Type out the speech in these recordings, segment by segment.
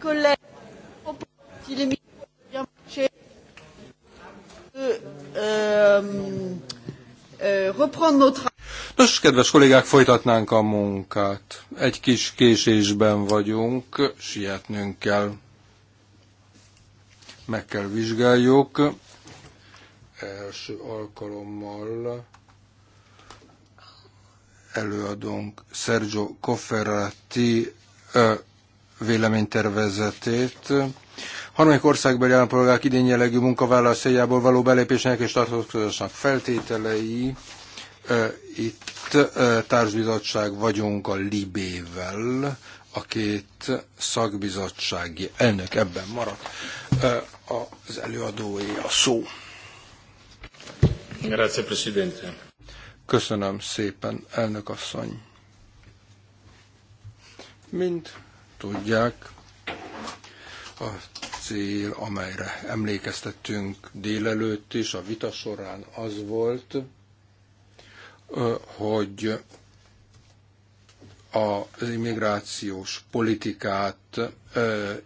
collègues, si les micros ont bien marché, euh, euh, reprendre notre... Nos, kedves kollégák, folytatnánk a munkát. Egy kis késésben vagyunk, sietnünk kell. Meg kell vizsgáljuk. Első alkalommal előadónk Sergio Cofferati véleménytervezetét. Harmadik országbeli állampolgárok idén jellegű munkavállalás céljából való belépésnek és tartózkodásnak feltételei. Itt társbizottság vagyunk a Libével, a két szakbizottsági elnök ebben maradt. Az előadói a szó. Grazie, Presidente. Köszönöm szépen, elnök asszony. Mint tudják, a cél, amelyre emlékeztettünk délelőtt is a vita során az volt, hogy az immigrációs politikát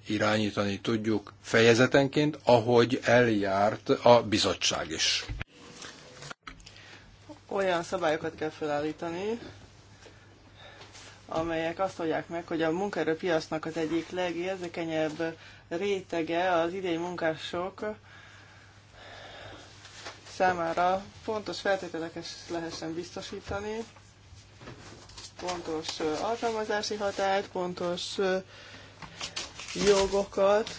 irányítani tudjuk fejezetenként, ahogy eljárt a bizottság is. Olyan szabályokat kell felállítani, amelyek azt mondják meg, hogy a munkaerőpiacnak az egyik legérzékenyebb rétege az idei munkások számára pontos feltételeket lehessen biztosítani, pontos alkalmazási hatályt, pontos jogokat,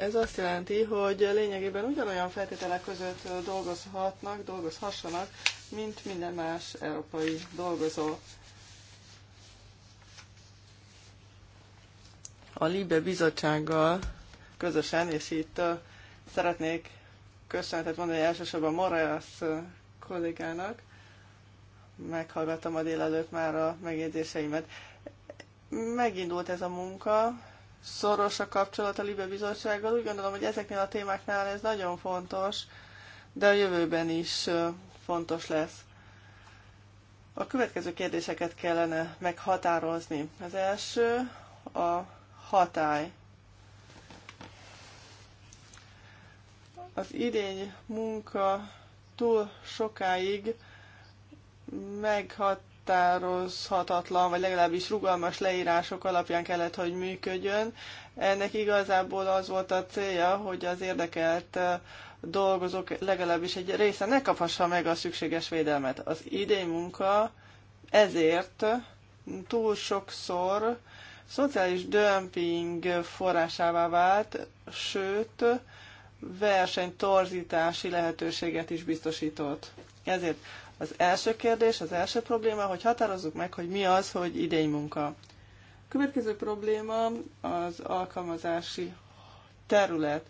Ez azt jelenti, hogy lényegében ugyanolyan feltételek között dolgozhatnak, dolgozhassanak, mint minden más európai dolgozó. A Libe bizottsággal közösen, és itt szeretnék köszönetet mondani elsősorban Morajas kollégának, meghallgattam a délelőtt már a megjegyzéseimet. Megindult ez a munka, szoros a kapcsolat a Libe Bizottsággal. Úgy gondolom, hogy ezeknél a témáknál ez nagyon fontos, de a jövőben is fontos lesz. A következő kérdéseket kellene meghatározni. Az első a hatály. Az idény munka túl sokáig meghat, meghatározhatatlan, vagy legalábbis rugalmas leírások alapján kellett, hogy működjön. Ennek igazából az volt a célja, hogy az érdekelt dolgozók legalábbis egy része ne kaphassa meg a szükséges védelmet. Az idei munka ezért túl sokszor szociális dömping forrásává vált, sőt, versenytorzítási lehetőséget is biztosított. Ezért az első kérdés, az első probléma, hogy határozzuk meg, hogy mi az, hogy idény munka. Következő probléma az alkalmazási terület.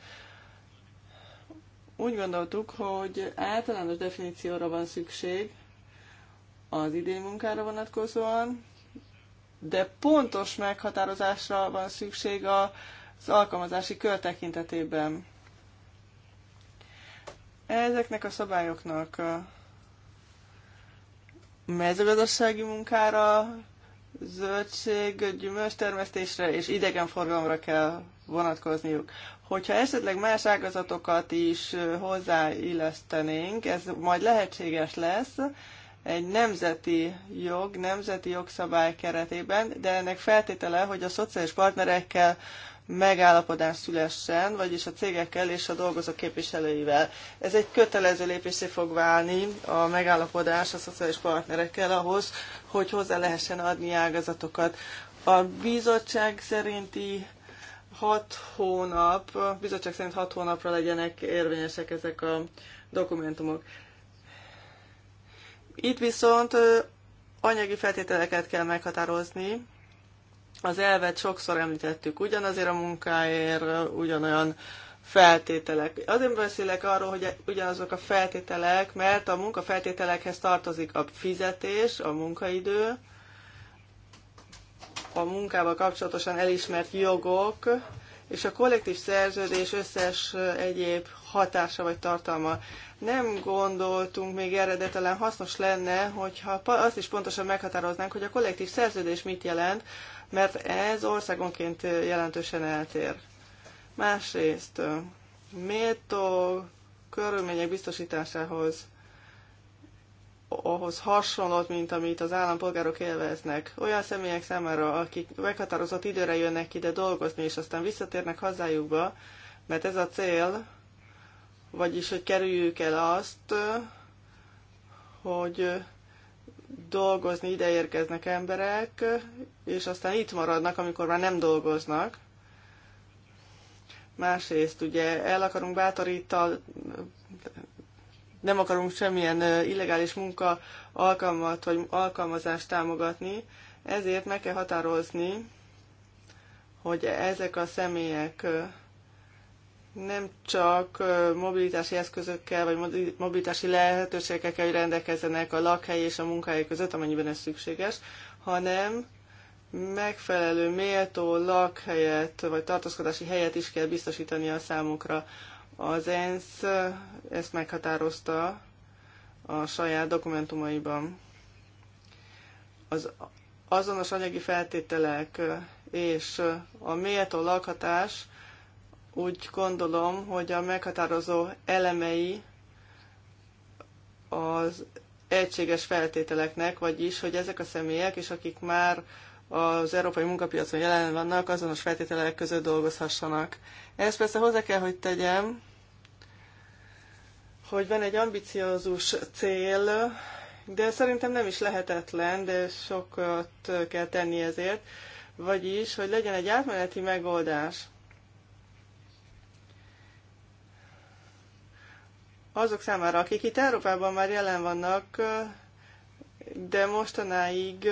Úgy gondoltuk, hogy általános definícióra van szükség az idény munkára vonatkozóan, de pontos meghatározásra van szükség az alkalmazási kör tekintetében. Ezeknek a szabályoknak mezőgazdasági munkára, zöldség, termesztésre és idegenforgalomra kell vonatkozniuk. Hogyha esetleg más ágazatokat is hozzáillesztenénk, ez majd lehetséges lesz egy nemzeti jog, nemzeti jogszabály keretében, de ennek feltétele, hogy a szociális partnerekkel megállapodás szülessen, vagyis a cégekkel és a dolgozók képviselőivel. Ez egy kötelező lépésé fog válni a megállapodás a szociális partnerekkel ahhoz, hogy hozzá lehessen adni ágazatokat. A bizottság szerinti hat hónap, a bizottság szerint hat hónapra legyenek érvényesek ezek a dokumentumok. Itt viszont anyagi feltételeket kell meghatározni, az elvet sokszor említettük, ugyanazért a munkáért, ugyanolyan feltételek. Azért beszélek arról, hogy ugyanazok a feltételek, mert a munkafeltételekhez tartozik a fizetés, a munkaidő, a munkával kapcsolatosan elismert jogok, és a kollektív szerződés összes egyéb hatása vagy tartalma. Nem gondoltunk még erre, de talán hasznos lenne, hogyha azt is pontosan meghatároznánk, hogy a kollektív szerződés mit jelent, mert ez országonként jelentősen eltér. Másrészt méltó körülmények biztosításához ahhoz hasonlót, mint amit az állampolgárok élveznek. Olyan személyek számára, akik meghatározott időre jönnek ide dolgozni, és aztán visszatérnek hazájukba, mert ez a cél, vagyis hogy kerüljük el azt, hogy dolgozni ide érkeznek emberek, és aztán itt maradnak, amikor már nem dolgoznak. Másrészt ugye el akarunk bátorítani, nem akarunk semmilyen illegális munka alkalmat vagy alkalmazást támogatni, ezért meg kell határozni, hogy ezek a személyek nem csak mobilitási eszközökkel vagy mobilitási lehetőségekkel kell, hogy rendelkezzenek a lakhely és a munkahely között, amennyiben ez szükséges, hanem megfelelő méltó lakhelyet vagy tartózkodási helyet is kell biztosítani a számukra. Az ENSZ ezt meghatározta a saját dokumentumaiban. Az azonos anyagi feltételek és a méltó lakhatás úgy gondolom, hogy a meghatározó elemei az egységes feltételeknek, vagyis, hogy ezek a személyek, és akik már az európai munkapiacon jelen vannak, azonos feltételek között dolgozhassanak. Ezt persze hozzá kell, hogy tegyem, hogy van egy ambiciózus cél, de szerintem nem is lehetetlen, de sokat kell tenni ezért, vagyis, hogy legyen egy átmeneti megoldás. azok számára, akik itt Európában már jelen vannak, de mostanáig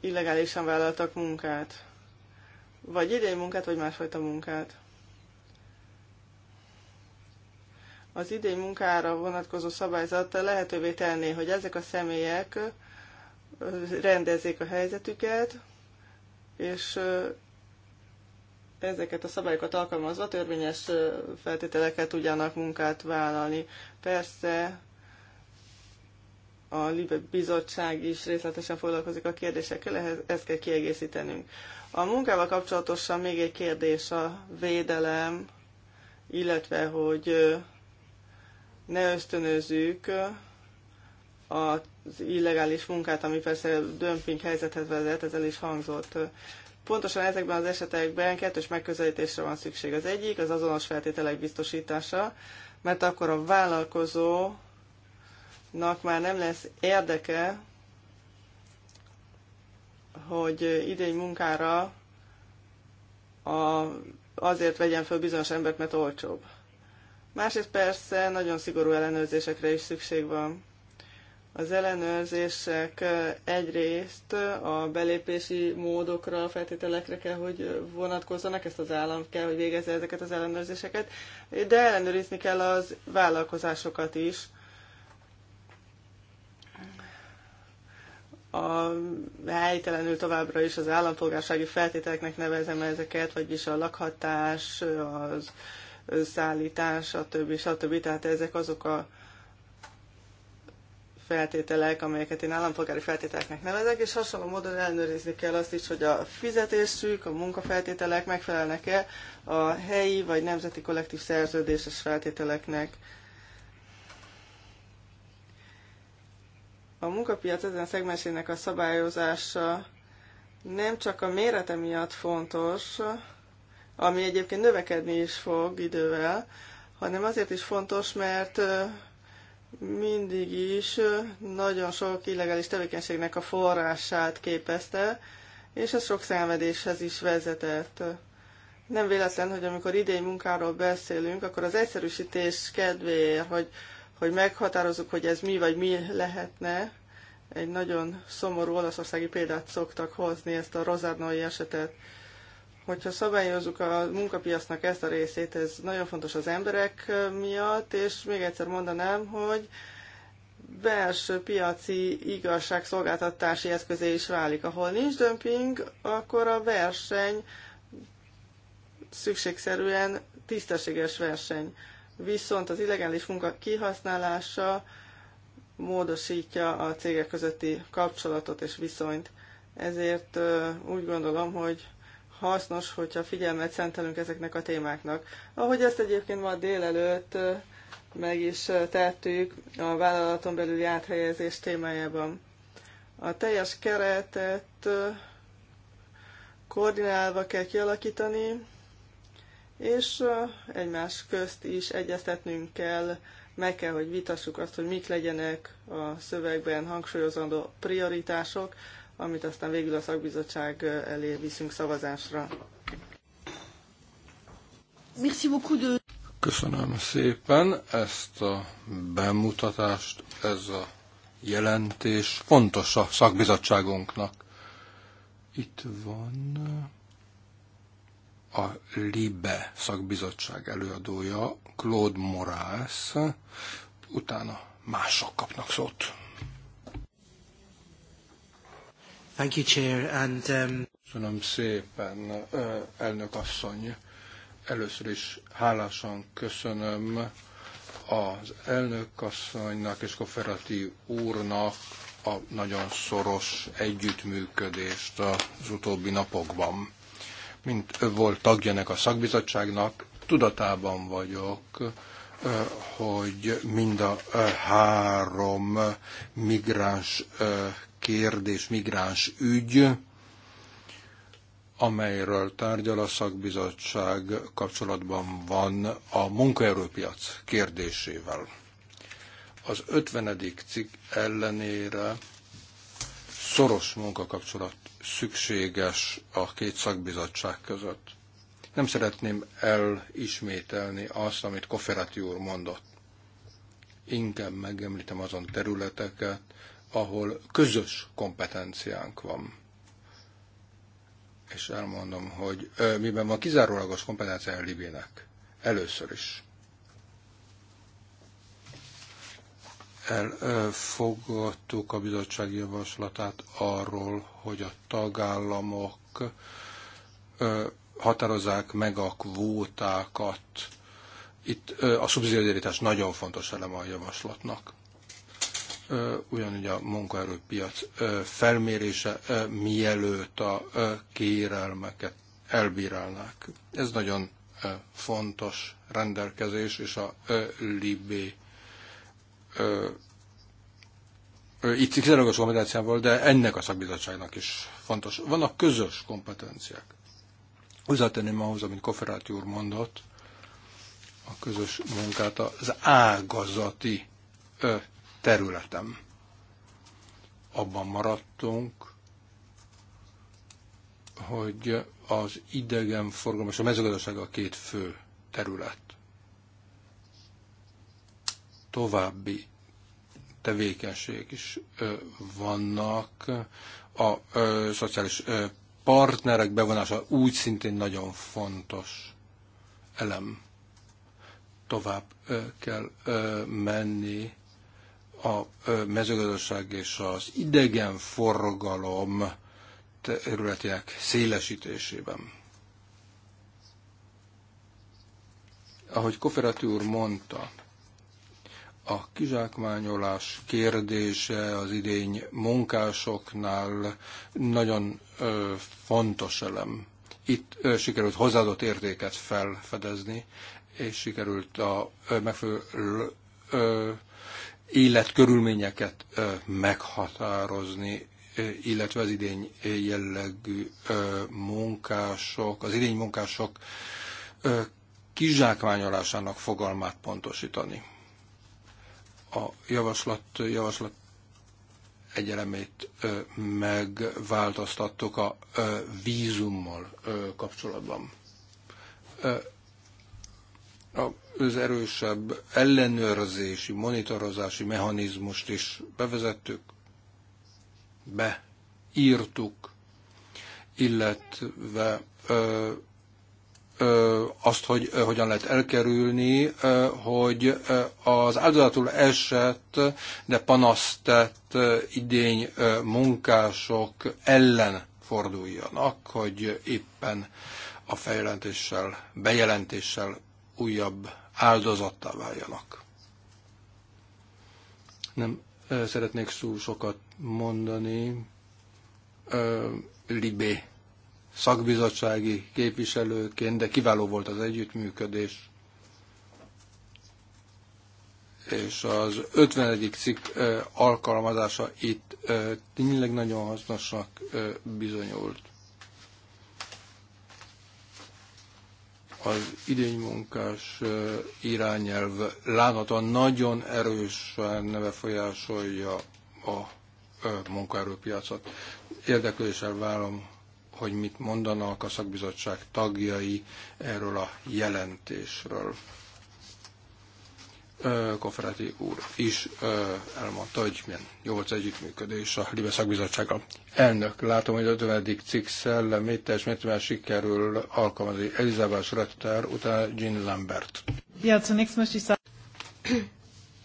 illegálisan vállaltak munkát. Vagy idei munkát, vagy másfajta munkát. Az idei munkára vonatkozó szabályzat lehetővé tenné, hogy ezek a személyek rendezzék a helyzetüket, és ezeket a szabályokat alkalmazva törvényes feltételeket tudjanak munkát vállalni. Persze a Libe Bizottság is részletesen foglalkozik a kérdésekkel, ehhez, ezt kell kiegészítenünk. A munkával kapcsolatosan még egy kérdés a védelem, illetve hogy ne ösztönözzük az illegális munkát, ami persze dömping helyzethez vezet, ezzel is hangzott. Pontosan ezekben az esetekben kettős megközelítésre van szükség. Az egyik az azonos feltételek biztosítása, mert akkor a vállalkozónak már nem lesz érdeke, hogy idény munkára a, azért vegyen föl bizonyos embert, mert olcsóbb. Másrészt persze nagyon szigorú ellenőrzésekre is szükség van. Az ellenőrzések egyrészt a belépési módokra, feltételekre kell, hogy vonatkozzanak, ezt az állam kell, hogy végezze ezeket az ellenőrzéseket, de ellenőrizni kell az vállalkozásokat is. a helytelenül továbbra is az állampolgársági feltételeknek nevezem ezeket, vagyis a lakhatás, az szállítás, stb. stb. Tehát ezek azok a feltételek, amelyeket én állampolgári feltételeknek nevezek, és hasonló módon ellenőrizni kell azt is, hogy a fizetésük, a munkafeltételek megfelelnek-e a helyi vagy nemzeti kollektív szerződéses feltételeknek. A munkapiac ezen szegmensének a szabályozása nem csak a mérete miatt fontos, ami egyébként növekedni is fog idővel, hanem azért is fontos, mert mindig is nagyon sok illegális tevékenységnek a forrását képezte, és ez sok szenvedéshez is vezetett. Nem véletlen, hogy amikor idény munkáról beszélünk, akkor az egyszerűsítés kedvéért, hogy, hogy meghatározzuk, hogy ez mi vagy mi lehetne, egy nagyon szomorú olaszországi példát szoktak hozni, ezt a Rozárnói esetet hogyha szabályozzuk a munkapiacnak ezt a részét, ez nagyon fontos az emberek miatt, és még egyszer mondanám, hogy belső piaci igazságszolgáltatási eszközé is válik. Ahol nincs dömping, akkor a verseny szükségszerűen tisztességes verseny. Viszont az illegális munka kihasználása módosítja a cégek közötti kapcsolatot és viszonyt. Ezért úgy gondolom, hogy hasznos, hogyha figyelmet szentelünk ezeknek a témáknak. Ahogy ezt egyébként ma délelőtt meg is tettük a vállalaton belüli áthelyezés témájában. A teljes keretet koordinálva kell kialakítani, és egymás közt is egyeztetnünk kell, meg kell, hogy vitassuk azt, hogy mik legyenek a szövegben hangsúlyozandó prioritások, amit aztán végül a szakbizottság elé viszünk szavazásra. Köszönöm szépen ezt a bemutatást, ez a jelentés fontos a szakbizottságunknak. Itt van a LIBE szakbizottság előadója, Claude Morász, utána mások kapnak szót. Thank you, Chair, and... Um... Köszönöm szépen, elnök asszony. Először is hálásan köszönöm az elnök asszonynak és Koferati úrnak a nagyon szoros együttműködést az utóbbi napokban. Mint ő volt tagjának a szakbizottságnak, tudatában vagyok hogy mind a három migráns kérdés, migráns ügy, amelyről tárgyal a szakbizottság kapcsolatban van a munkaerőpiac kérdésével. Az 50. cikk ellenére szoros munkakapcsolat szükséges a két szakbizottság között nem szeretném elismételni azt, amit Koferati úr mondott. Inkább megemlítem azon területeket, ahol közös kompetenciánk van. És elmondom, hogy ö, miben van kizárólagos kompetenciája Libének. Először is. elfogadtuk a bizottság javaslatát arról, hogy a tagállamok határozzák meg a kvótákat. Itt a szubszidiaritás nagyon fontos eleme a javaslatnak. Ugyanúgy a munkaerőpiac felmérése, mielőtt a kérelmeket elbírálnák. Ez nagyon fontos rendelkezés, és a Libé itt kizárólag a kompetenciával, de ennek a szakbizottságnak is fontos. Vannak közös kompetenciák. Hozzátenném ahhoz, amit Koferáti úr mondott, a közös munkát az ágazati területem. Abban maradtunk, hogy az forgalom és a mezőgazdaság a két fő terület. További tevékenységek is vannak a szociális partnerek bevonása úgy szintén nagyon fontos elem. Tovább kell menni a mezőgazdaság és az idegenforgalom területének szélesítésében. Ahogy Koferati úr mondta, a kizsákmányolás kérdése az idény munkásoknál nagyon ö, fontos elem. Itt ö, sikerült hozzáadott értéket felfedezni, és sikerült a ö, megfelelő ö, életkörülményeket ö, meghatározni, illetve az idény jellegű munkások, az idény munkások kizsákmányolásának fogalmát pontosítani a javaslat, javaslat egyelemét megváltoztattuk a vízummal kapcsolatban. Az erősebb ellenőrzési, monitorozási mechanizmust is bevezettük, beírtuk, illetve azt, hogy hogyan lehet elkerülni, hogy az áldozatul esett, de panasztett idény munkások ellen forduljanak, hogy éppen a fejlentéssel, bejelentéssel újabb áldozattá váljanak. Nem szeretnék szó sokat mondani. Libé szakbizottsági képviselőként, de kiváló volt az együttműködés. És az 51. cikk alkalmazása itt tényleg nagyon hasznosnak bizonyult. az idénymunkás irányelv láthatóan nagyon erősen befolyásolja a munkaerőpiacot. Érdeklődéssel várom hogy mit mondanak a szakbizottság tagjai erről a jelentésről. Koferati úr is elmondta, hogy milyen jó volt az együttműködés a Libe szakbizottsággal. Elnök, látom, hogy a 50. cikk szellemét teljes mértékben sikerül alkalmazni. Elizabeth Schröter, utána Jean Lambert. Ja, zunächst möchte ich sagen...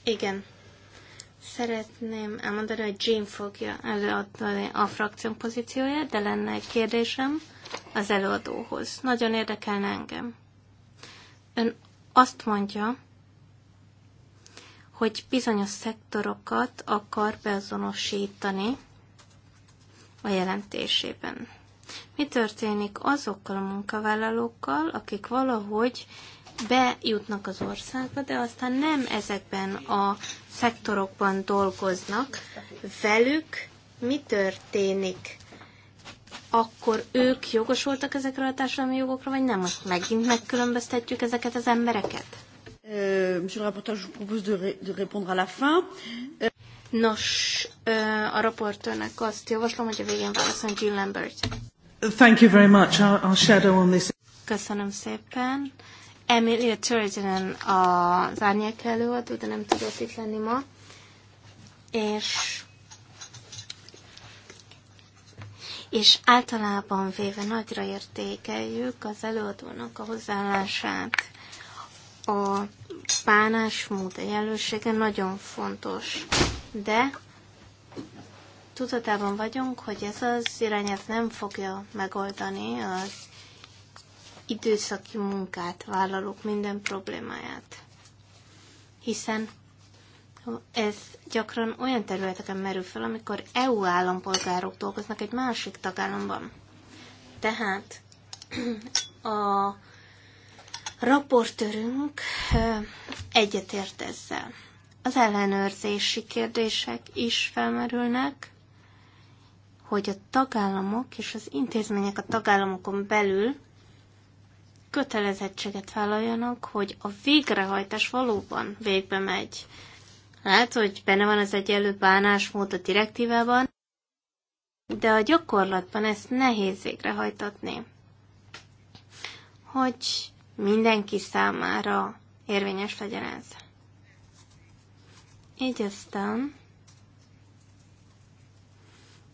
Igen, Szeretném elmondani, hogy Jim fogja előadni a frakció pozícióját, de lenne egy kérdésem az előadóhoz. Nagyon érdekelne engem. Ön azt mondja, hogy bizonyos szektorokat akar beazonosítani a jelentésében. Mi történik azokkal a munkavállalókkal, akik valahogy bejutnak az országba, de aztán nem ezekben a szektorokban dolgoznak. Velük mi történik? Akkor ők jogosultak ezekre a társadalmi jogokra, vagy nem? Most megint megkülönböztetjük ezeket az embereket? Monsieur le rapporteur, de, répondre à la fin. Nos, a raportőrnek azt javaslom, hogy a végén válaszol Jill Lambert. Thank you very much. I'll, I'll shadow on this. Köszönöm szépen. Emilia Turgeon az árnyék előadó, de nem tudott itt lenni ma. És és általában véve nagyra értékeljük az előadónak a hozzáállását. A bánásmód, a jelősége nagyon fontos, de tudatában vagyunk, hogy ez az irányát nem fogja megoldani az időszaki munkát vállalok minden problémáját. Hiszen ez gyakran olyan területeken merül fel, amikor EU állampolgárok dolgoznak egy másik tagállamban. Tehát a raportőrünk egyetért ezzel. Az ellenőrzési kérdések is felmerülnek, hogy a tagállamok és az intézmények a tagállamokon belül kötelezettséget vállaljanak, hogy a végrehajtás valóban végbe megy. Lehet, hogy benne van az egyenlő bánásmód a direktívában, de a gyakorlatban ezt nehéz végrehajtatni. Hogy mindenki számára érvényes legyen ez. Így aztán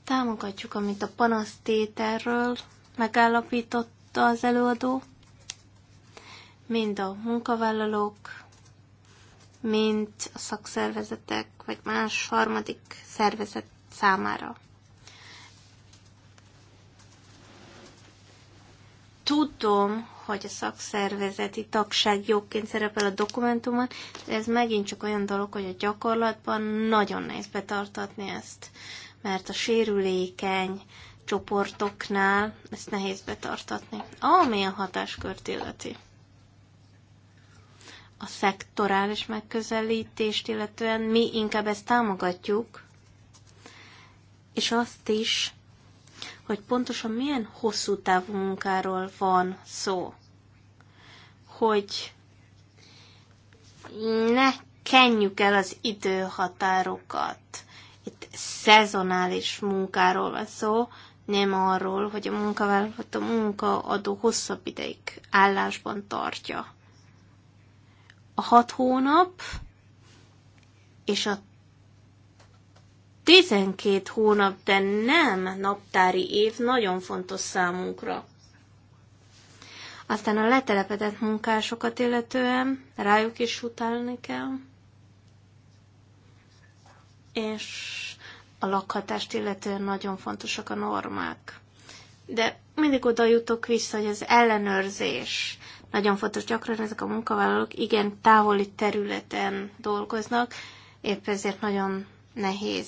támogatjuk, amit a panasztételről megállapította az előadó, mind a munkavállalók, mint a szakszervezetek, vagy más harmadik szervezet számára. Tudom, hogy a szakszervezeti tagság jogként szerepel a dokumentumon, de ez megint csak olyan dolog, hogy a gyakorlatban nagyon nehéz betartatni ezt, mert a sérülékeny csoportoknál ezt nehéz betartatni, ami a hatáskört illeti a szektorális megközelítést, illetően mi inkább ezt támogatjuk, és azt is, hogy pontosan milyen hosszú távú munkáról van szó. Hogy ne kenjük el az időhatárokat. Itt szezonális munkáról van szó, nem arról, hogy a munkavállalót a munkaadó hosszabb ideig állásban tartja a hat hónap és a 12 hónap, de nem naptári év nagyon fontos számunkra. Aztán a letelepedett munkásokat illetően rájuk is utálni kell. És a lakhatást illetően nagyon fontosak a normák. De mindig oda jutok vissza, hogy az ellenőrzés, nagyon fontos, gyakran ezek a munkavállalók igen távoli területen dolgoznak, épp ezért nagyon nehéz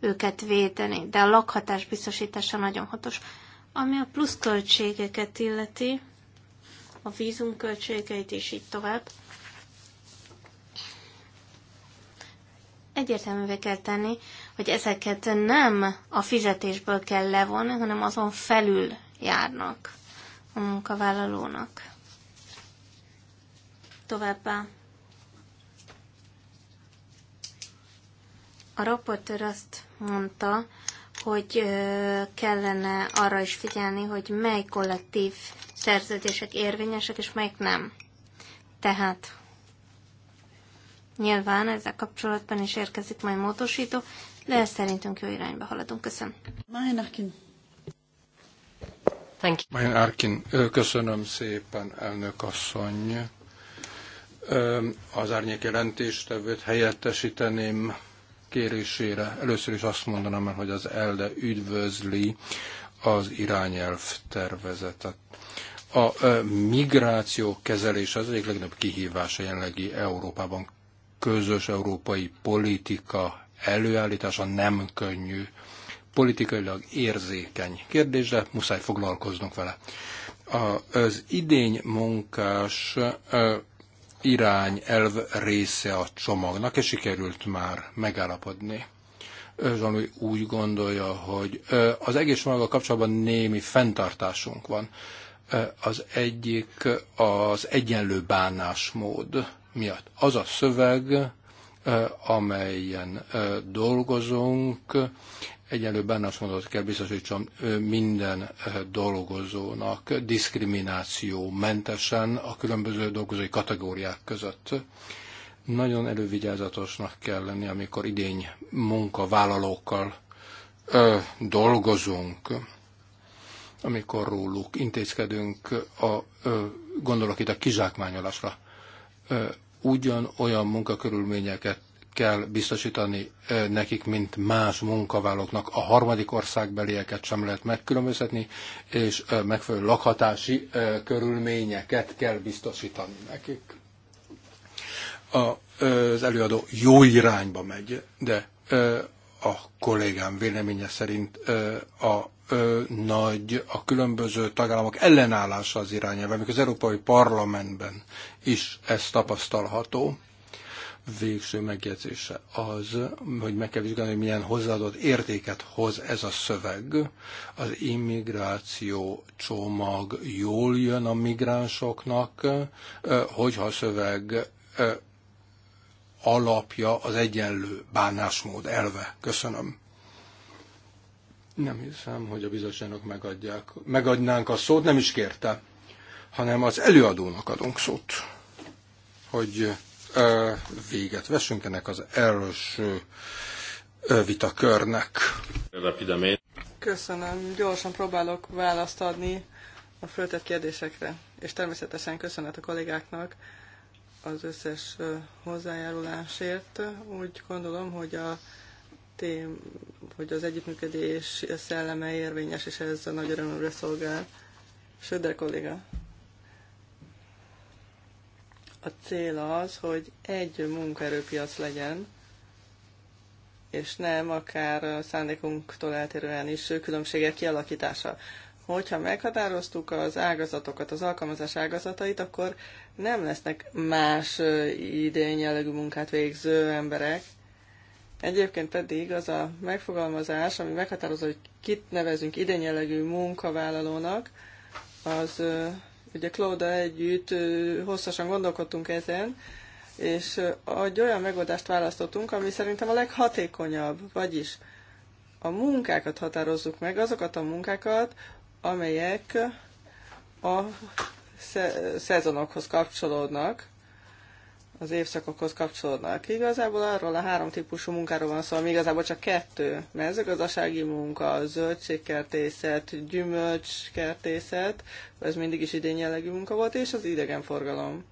őket védeni, de a lakhatás biztosítása nagyon hatos. Ami a pluszköltségeket illeti, a vízumköltségeit és így tovább, egyértelművé kell tenni, hogy ezeket nem a fizetésből kell levonni, hanem azon felül járnak a munkavállalónak. Továbbá a raportőr azt mondta, hogy kellene arra is figyelni, hogy mely kollektív szerződések érvényesek, és melyik nem. Tehát nyilván ezzel kapcsolatban is érkezik majd módosító, de szerintünk jó irányba haladunk. Köszönöm. Thank you. Arkin, köszönöm szépen, elnök asszony az árnyék jelentéstevőt helyettesíteném kérésére. Először is azt mondanám el, hogy az ELDE üdvözli az irányelv tervezetet. A migráció kezelése az egyik legnagyobb kihívás a jelenlegi Európában. Közös európai politika előállítása nem könnyű. Politikailag érzékeny kérdés, de muszáj foglalkoznunk vele. Az idény munkás irányelv része a csomagnak, és sikerült már megállapodni. Zsani úgy gondolja, hogy az egész csomaggal kapcsolatban némi fenntartásunk van. Az egyik az egyenlő bánásmód miatt. Az a szöveg, amelyen dolgozunk, egyenlő bánásmódot kell biztosítson minden dolgozónak diszkrimináció mentesen a különböző dolgozói kategóriák között. Nagyon elővigyázatosnak kell lenni, amikor idény munkavállalókkal ö, dolgozunk, amikor róluk intézkedünk, a, ö, gondolok itt a kizsákmányolásra. Ö, ugyanolyan munkakörülményeket kell biztosítani nekik, mint más munkavállalóknak. A harmadik országbelieket sem lehet megkülönböztetni, és megfelelő lakhatási körülményeket kell biztosítani nekik. Az előadó jó irányba megy, de a kollégám véleménye szerint a nagy a különböző tagállamok ellenállása az irányelve, amikor az Európai Parlamentben is ez tapasztalható végső megjegyzése az, hogy meg kell vizsgálni, hogy milyen hozzáadott értéket hoz ez a szöveg. Az immigráció csomag jól jön a migránsoknak, hogyha a szöveg alapja az egyenlő bánásmód elve. Köszönöm. Nem hiszem, hogy a bizottságnak megadják. Megadnánk a szót, nem is kérte, hanem az előadónak adunk szót, hogy véget vessünk ennek az első vitakörnek. Köszönöm. Gyorsan próbálok választ adni a föltett kérdésekre, és természetesen köszönet a kollégáknak az összes hozzájárulásért. Úgy gondolom, hogy a tém, hogy az együttműködés szelleme érvényes, és ez a nagy örömömre szolgál. Söder kolléga. A cél az, hogy egy munkaerőpiac legyen, és nem akár szándékunktól eltérően is különbségek kialakítása. Hogyha meghatároztuk az ágazatokat, az alkalmazás ágazatait, akkor nem lesznek más idényjellegű munkát végző emberek. Egyébként pedig az a megfogalmazás, ami meghatározza, hogy kit nevezünk idényjellegű munkavállalónak, az Ugye Klóda együtt hosszasan gondolkodtunk ezen, és egy olyan megoldást választottunk, ami szerintem a leghatékonyabb, vagyis a munkákat határozzuk meg, azokat a munkákat, amelyek a szezonokhoz kapcsolódnak, az évszakokhoz kapcsolódnak. Igazából arról a három típusú munkáról van szó, ami igazából csak kettő. Mezőgazdasági munka, zöldségkertészet, gyümölcskertészet, ez mindig is idén jellegű munka volt, és az idegenforgalom.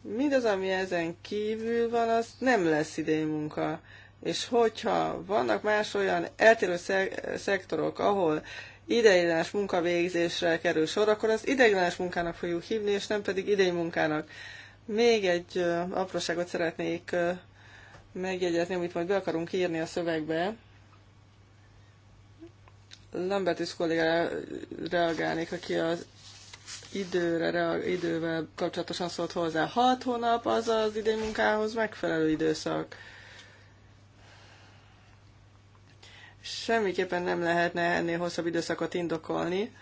Mindaz, ami ezen kívül van, az nem lesz idén munka. És hogyha vannak más olyan eltérő szek- szektorok, ahol ideiglenes munkavégzésre kerül sor, akkor az ideiglenes munkának fogjuk hívni, és nem pedig idei munkának még egy apróságot szeretnék megjegyezni, amit majd be akarunk írni a szövegbe. Lambertus kollégára reagálnék, aki az időre, idővel kapcsolatosan szólt hozzá. Hat hónap az az idei munkához megfelelő időszak. Semmiképpen nem lehetne ennél hosszabb időszakot indokolni.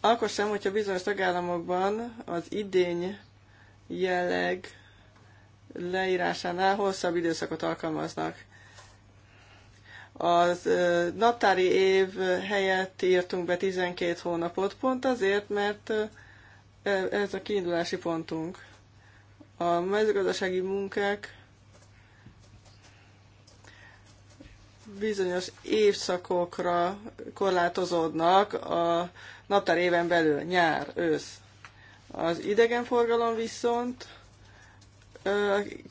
Akkor sem, hogyha bizonyos tagállamokban az idény jelleg leírásánál hosszabb időszakot alkalmaznak. Az naptári év helyett írtunk be 12 hónapot, pont azért, mert e, ez a kiindulási pontunk. A mezőgazdasági munkák bizonyos évszakokra korlátozódnak a naptári éven belül, nyár, ősz, az idegenforgalom viszont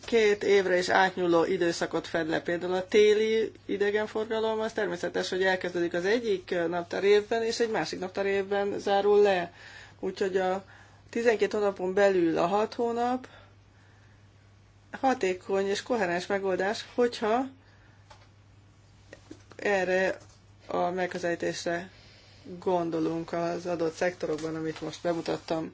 két évre is átnyúló időszakot fed le. Például a téli idegenforgalom az természetes, hogy elkezdődik az egyik naptár évben, és egy másik naptár évben zárul le. Úgyhogy a 12 hónapon belül a 6 hónap hatékony és koherens megoldás, hogyha erre a megközelítésre gondolunk az adott szektorokban, amit most bemutattam.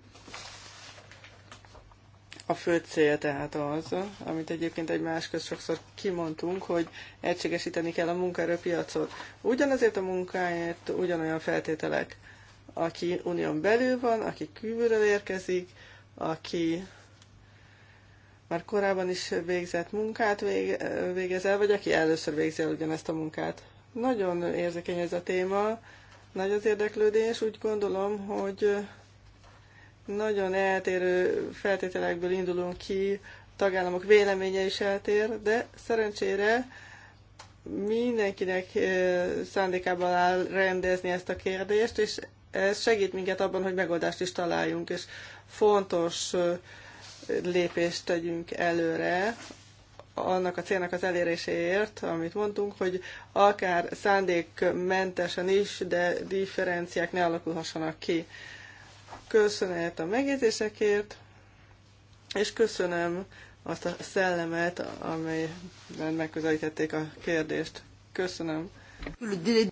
A fő cél tehát az, amit egyébként egy közt sokszor kimondtunk, hogy egységesíteni kell a munkaerőpiacot. Ugyanazért a munkáért ugyanolyan feltételek. Aki unión belül van, aki kívülről érkezik, aki már korábban is végzett munkát végez el, vagy aki először végzi el ugyanezt a munkát. Nagyon érzékeny ez a téma, nagy az érdeklődés, úgy gondolom, hogy nagyon eltérő feltételekből indulunk ki, tagállamok véleménye is eltér, de szerencsére mindenkinek eh, szándékában áll rendezni ezt a kérdést, és ez segít minket abban, hogy megoldást is találjunk, és fontos eh, lépést tegyünk előre annak a célnak az eléréséért, amit mondtunk, hogy akár szándékmentesen is, de differenciák ne alakulhassanak ki. Köszönet a megjegyzésekért, és köszönöm azt a szellemet, amelyben megközelítették a kérdést. Köszönöm.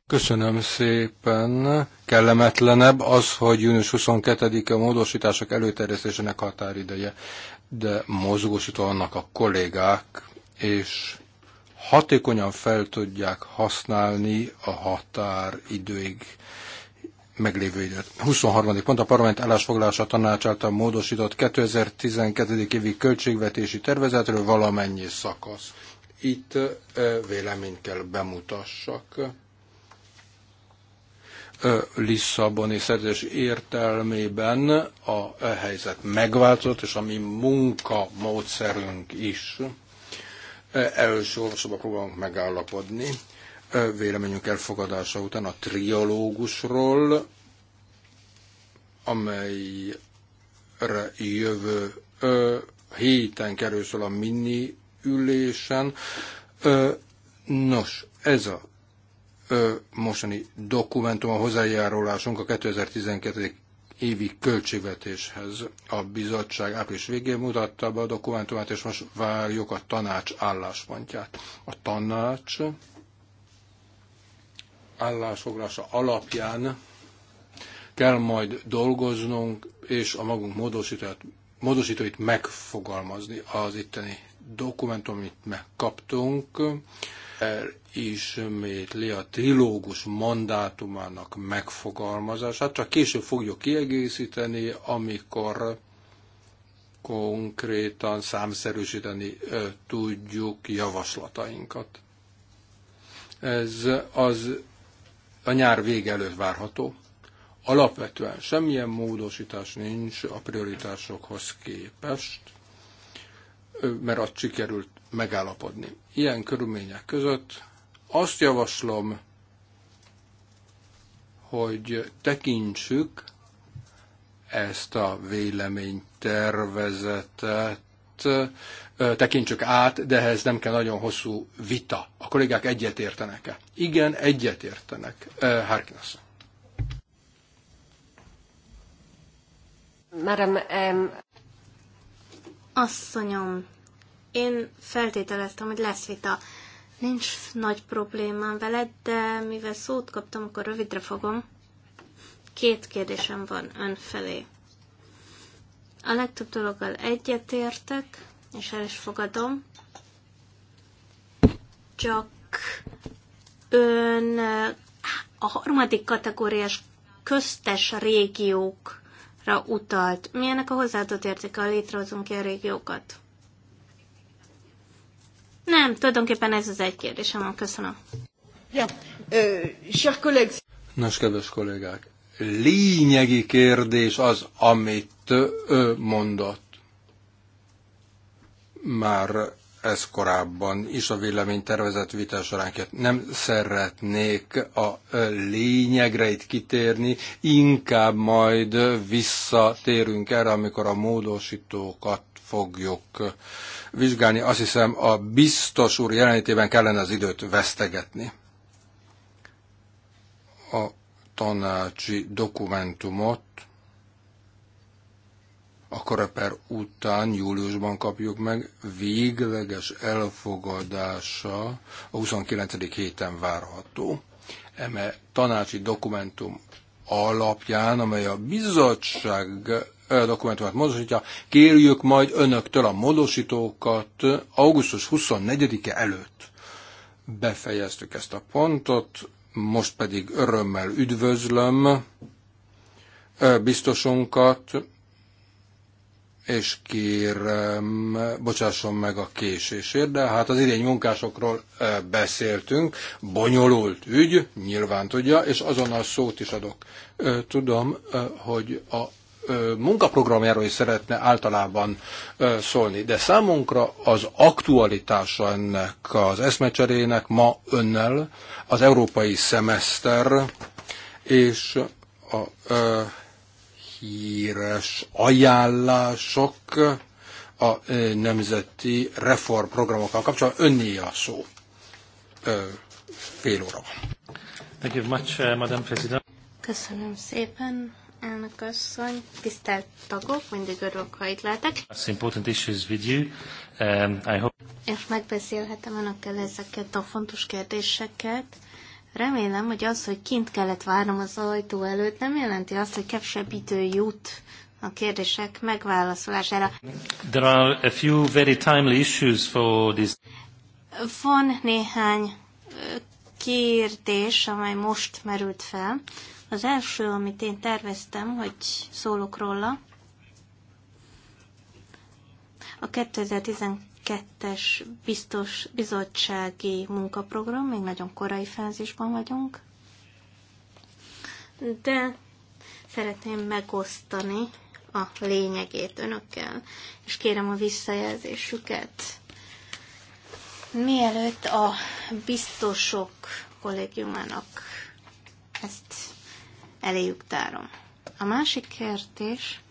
Köszönöm szépen. Kellemetlenebb az, hogy június 22-e módosítások előterjesztésének határideje, de mozgósítva annak a kollégák, és hatékonyan fel tudják használni a határidőig meglévő időt. 23. pont a parlament állásfoglalása tanács által módosított 2012. évi költségvetési tervezetről valamennyi szakasz. Itt véleményt kell bemutassak. Lisszaboni szerzés értelmében a e helyzet megváltozott, és a mi munkamódszerünk is. Első olvasóban próbálunk megállapodni véleményünk elfogadása után a triológusról, amelyre jövő héten kerül a mini ülésen. Nos, ez a mostani dokumentum a hozzájárulásunk a 2012 évi költségvetéshez. A bizottság április végén mutatta be a dokumentumát, és most várjuk a tanács álláspontját. A tanács állásfoglása alapján kell majd dolgoznunk, és a magunk módosítóit, megfogalmazni. Az itteni dokumentum, amit megkaptunk, ismétli a trilógus mandátumának megfogalmazását, csak később fogjuk kiegészíteni, amikor konkrétan számszerűsíteni tudjuk javaslatainkat. Ez az a nyár vége előtt várható. Alapvetően semmilyen módosítás nincs a prioritásokhoz képest, mert azt sikerült megállapodni. Ilyen körülmények között azt javaslom, hogy tekintsük ezt a véleménytervezetet tekintsük át, de ehhez nem kell nagyon hosszú vita. A kollégák egyetértenek-e? Igen, egyetértenek. Harkin asszony. Madam, Asszonyom, én feltételeztem, hogy lesz vita. Nincs nagy problémám veled, de mivel szót kaptam, akkor rövidre fogom. Két kérdésem van ön felé. A legtöbb dologgal egyetértek, és el is fogadom. Csak ön a harmadik kategóriás köztes régiókra utalt. Milyenek a hozzáadott értéke, ha létrehozunk ilyen régiókat? Nem, tulajdonképpen ez az egy kérdésem van. Köszönöm. Ja, chers collègues. Nos, kedves kollégák, lényegi kérdés az, amit ő mondott már ez korábban is a véleménytervezet vitás során nem szeretnék a lényegre itt kitérni, inkább majd visszatérünk erre, amikor a módosítókat fogjuk vizsgálni. Azt hiszem, a biztos úr jelenlétében kellene az időt vesztegetni. A tanácsi dokumentumot a koreper után júliusban kapjuk meg, végleges elfogadása a 29. héten várható. Eme tanácsi dokumentum alapján, amely a bizottság dokumentumát módosítja, kérjük majd önöktől a módosítókat augusztus 24-e előtt. Befejeztük ezt a pontot, most pedig örömmel üdvözlöm biztosunkat, és kérem, bocsásson meg a késésért, de hát az irény munkásokról beszéltünk, bonyolult ügy, nyilván tudja, és azonnal szót is adok. Tudom, hogy a munkaprogramjáról is szeretne általában szólni, de számunkra az aktualitása ennek az eszmecserének ma önnel az európai szemeszter és a híres ajánlások a nemzeti reformprogramokkal kapcsolatban. Önné a szó. Fél óra. Thank you much, uh, Madam President. Köszönöm szépen, elnök asszony. Tisztelt tagok, mindig örülök, ha itt lehetek. important issues with you. Um, I hope... És megbeszélhetem önökkel ezeket a fontos kérdéseket Remélem, hogy az, hogy kint kellett várnom az ajtó előtt, nem jelenti azt, hogy kevesebb idő jut a kérdések megválaszolására. There are a few very timely issues for this. Van néhány kérdés, amely most merült fel. Az első, amit én terveztem, hogy szólok róla, a 2012 kettes biztos bizottsági munkaprogram, még nagyon korai fázisban vagyunk, de szeretném megosztani a lényegét önökkel, és kérem a visszajelzésüket. Mielőtt a biztosok kollégiumának ezt eléjük tárom. A másik kérdés,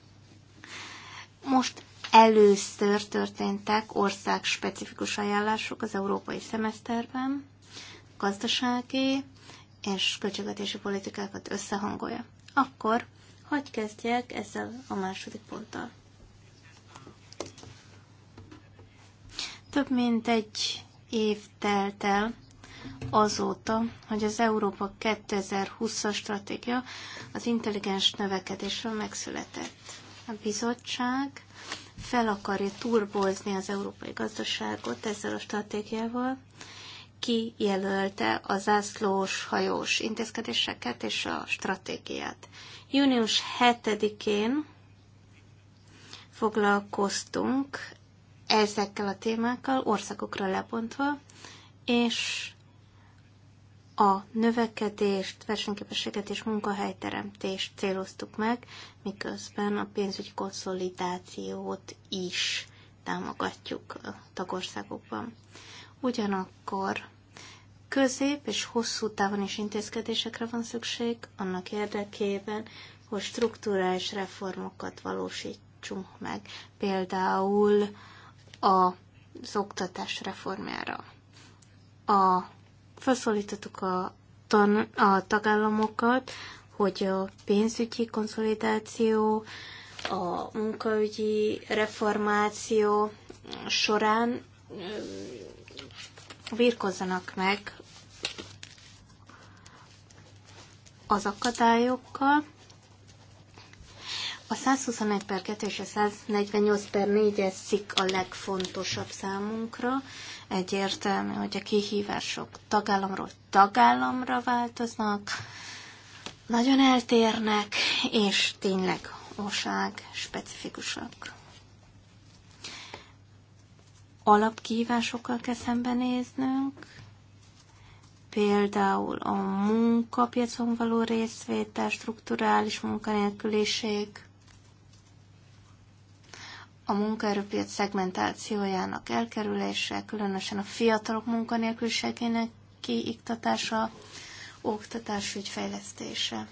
most Először történtek országspecifikus ajánlások az európai szemeszterben, gazdasági és költségvetési politikákat összehangolja. Akkor hogy kezdjek ezzel a második ponttal? Több mint egy év telt el azóta, hogy az Európa 2020-as stratégia az intelligens növekedésről megszületett. A bizottság fel akarja turbozni az európai gazdaságot ezzel a stratégiával, kijelölte a zászlós hajós intézkedéseket és a stratégiát. Június 7-én foglalkoztunk ezekkel a témákkal, országokra lebontva, és a növekedést, versenyképességet és munkahelyteremtést céloztuk meg, miközben a pénzügyi konszolidációt is támogatjuk a tagországokban. Ugyanakkor közép és hosszú távon is intézkedésekre van szükség annak érdekében, hogy strukturális reformokat valósítsunk meg, például az oktatás reformjára, a felszólítottuk a, tan, a tagállamokat, hogy a pénzügyi konszolidáció, a munkaügyi reformáció során virkozzanak meg az akadályokkal. A 121 per 2 és a 148 per 4-es cikk a legfontosabb számunkra, egyértelmű, hogy a kihívások tagállamról tagállamra változnak, nagyon eltérnek, és tényleg ország specifikusak. Alapkihívásokkal kell szembenéznünk, például a munkapiacon való részvétel, strukturális munkanélküliség, a munkaerőpiac szegmentációjának elkerülése, különösen a fiatalok munkanélküliségének kiiktatása, oktatásügy fejlesztése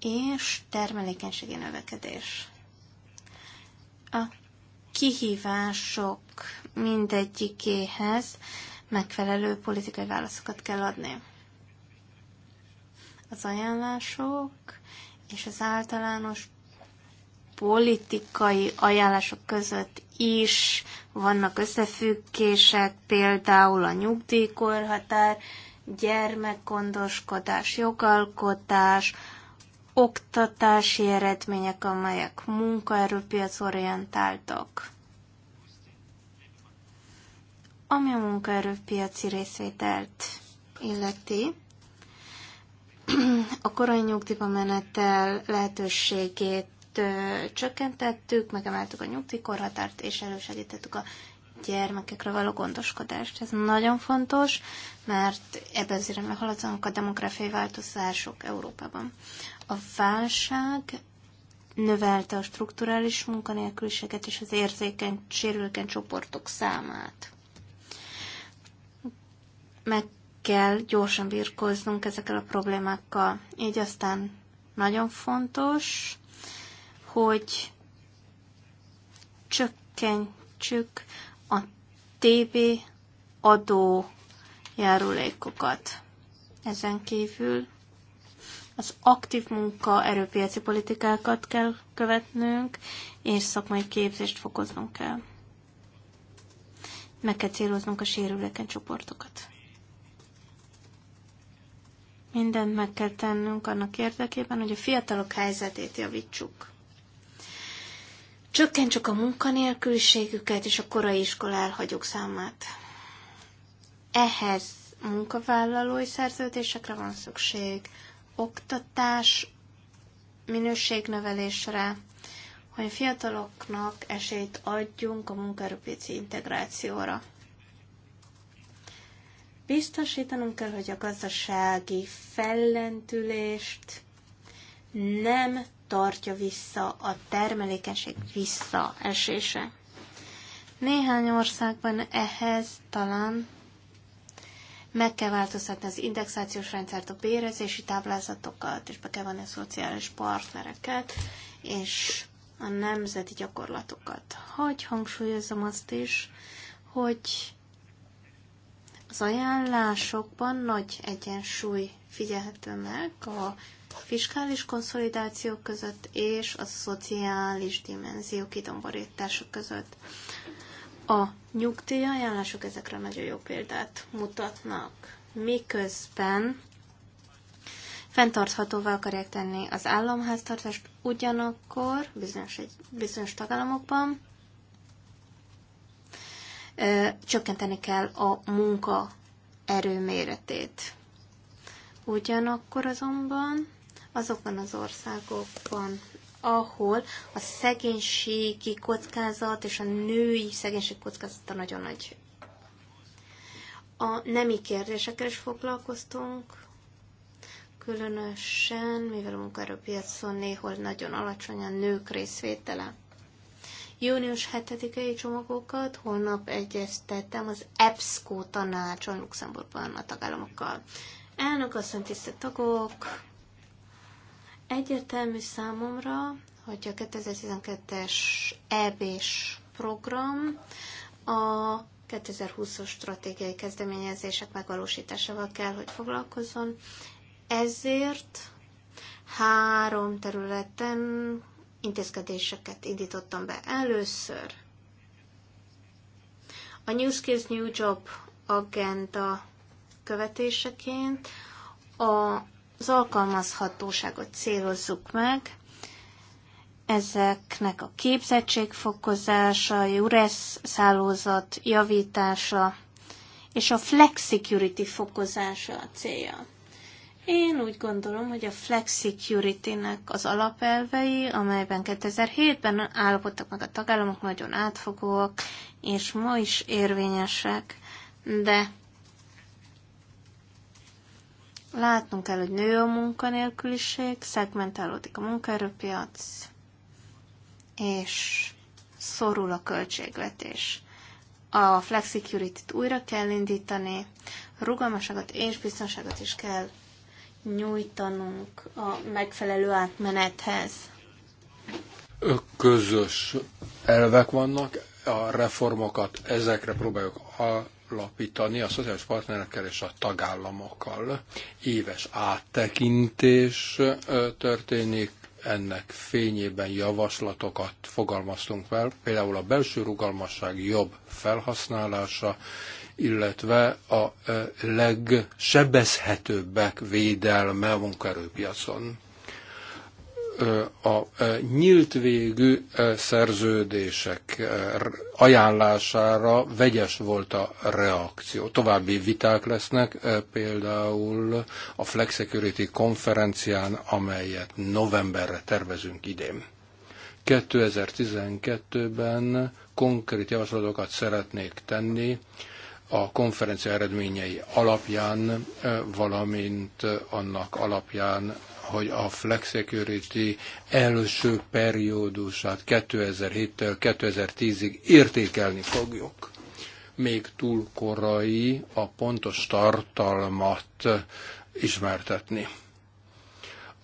és termelékenységi növekedés. A kihívások mindegyikéhez megfelelő politikai válaszokat kell adni. Az ajánlások és az általános politikai ajánlások között is vannak összefüggések, például a nyugdíjkorhatár, gyermekgondoskodás, jogalkotás, oktatási eredmények, amelyek munkaerőpiacorientáltak. Ami a munkaerőpiaci részvételt illeti, a korai nyugdíjba menetel lehetőségét csökkentettük, megemeltük a nyugdíjkorhatárt, és elősegítettük a gyermekekre való gondoskodást. Ez nagyon fontos, mert ebben az irányban haladzanak a demográfiai változások Európában. A válság növelte a strukturális munkanélküliséget és az érzékeny, sérülékeny csoportok számát. Meg kell gyorsan birkoznunk ezekkel a problémákkal. Így aztán nagyon fontos, hogy csökkentsük a TV adó járulékokat. Ezen kívül az aktív munka erőpiaci politikákat kell követnünk, és szakmai képzést fokoznunk kell. Meg kell céloznunk a sérülékeny csoportokat. Mindent meg kell tennünk annak érdekében, hogy a fiatalok helyzetét javítsuk. Csökkentsük a munkanélküliségüket és a korai iskola elhagyók számát. Ehhez munkavállalói szerződésekre van szükség, oktatás, minőségnövelésre, hogy a fiataloknak esélyt adjunk a munkaerőpici integrációra. Biztosítanunk kell, hogy a gazdasági fellentülést nem tartja vissza a termelékenység visszaesése. Néhány országban ehhez talán meg kell változtatni az indexációs rendszert, a bérezési táblázatokat, és be kell vanni a szociális partnereket, és a nemzeti gyakorlatokat. Hogy hangsúlyozom azt is, hogy az ajánlásokban nagy egyensúly figyelhető meg a a fiskális konszolidáció között és a szociális dimenzió kidomborítása között. A ajánlások ezekre nagyon jó példát mutatnak, miközben fenntarthatóvá akarják tenni az államháztartást, ugyanakkor bizonyos, egy, bizonyos tagállamokban ö, csökkenteni kell a munka erőméretét. Ugyanakkor azonban azokban az országokban, ahol a szegénységi kockázat és a női szegénység kockázata nagyon nagy. A nemi kérdésekkel is foglalkoztunk, különösen, mivel a munkaerőpiacon néhol nagyon alacsony a nők részvétele. Június 7-i csomagokat holnap egyeztettem az EBSCO tanácson Luxemburgban a tagállamokkal. Elnök asszony, tisztelt tagok, Egyértelmű számomra, hogy a 2012-es EB-s program a 2020-as stratégiai kezdeményezések megvalósításával kell, hogy foglalkozzon. Ezért három területen intézkedéseket indítottam be. Először a New Skills New Job agenda követéseként a az alkalmazhatóságot célozzuk meg, ezeknek a képzettségfokozása, URESZ szállózat javítása és a flex security fokozása a célja. Én úgy gondolom, hogy a flex security-nek az alapelvei, amelyben 2007-ben állapodtak meg a tagállamok, nagyon átfogóak, és ma is érvényesek, de Látnunk kell, hogy nő a munkanélküliség, szegmentálódik a munkaerőpiac, és szorul a költségvetés. A flexicurity-t újra kell indítani, rugalmaságot és biztonságot is kell nyújtanunk a megfelelő átmenethez. Közös elvek vannak, a reformokat ezekre próbáljuk megállapítani a szociális partnerekkel és a tagállamokkal. Éves áttekintés történik, ennek fényében javaslatokat fogalmaztunk fel, például a belső rugalmasság jobb felhasználása, illetve a legsebezhetőbbek védelme a munkaerőpiacon a nyílt végű szerződések ajánlására vegyes volt a reakció. További viták lesznek, például a Flex Security konferencián, amelyet novemberre tervezünk idén. 2012-ben konkrét javaslatokat szeretnék tenni a konferencia eredményei alapján, valamint annak alapján, hogy a flexecurity első periódusát 2007-től 2010-ig értékelni fogjuk. Még túl korai a pontos tartalmat ismertetni.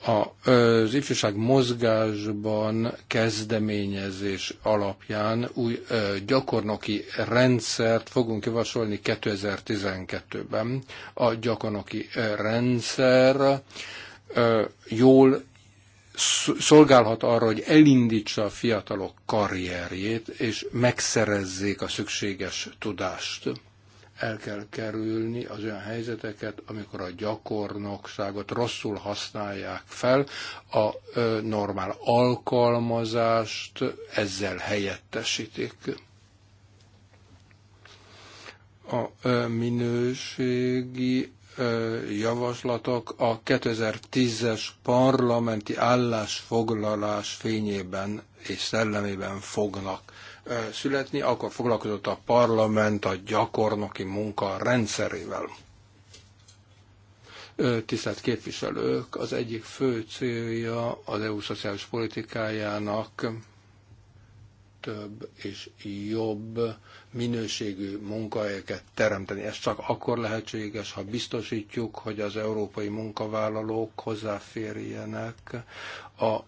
A, az ifjúság mozgásban kezdeményezés alapján új ö, gyakornoki rendszert fogunk javasolni 2012-ben. A gyakornoki rendszer jól szolgálhat arra, hogy elindítsa a fiatalok karrierjét, és megszerezzék a szükséges tudást. El kell kerülni az olyan helyzeteket, amikor a gyakornokságot rosszul használják fel, a normál alkalmazást ezzel helyettesítik. A minőségi javaslatok a 2010-es parlamenti állásfoglalás fényében és szellemében fognak születni, akkor foglalkozott a parlament a gyakornoki munka rendszerével. Tisztelt képviselők, az egyik fő célja az EU szociális politikájának több és jobb minőségű munkahelyeket teremteni. Ez csak akkor lehetséges, ha biztosítjuk, hogy az európai munkavállalók hozzáférjenek a,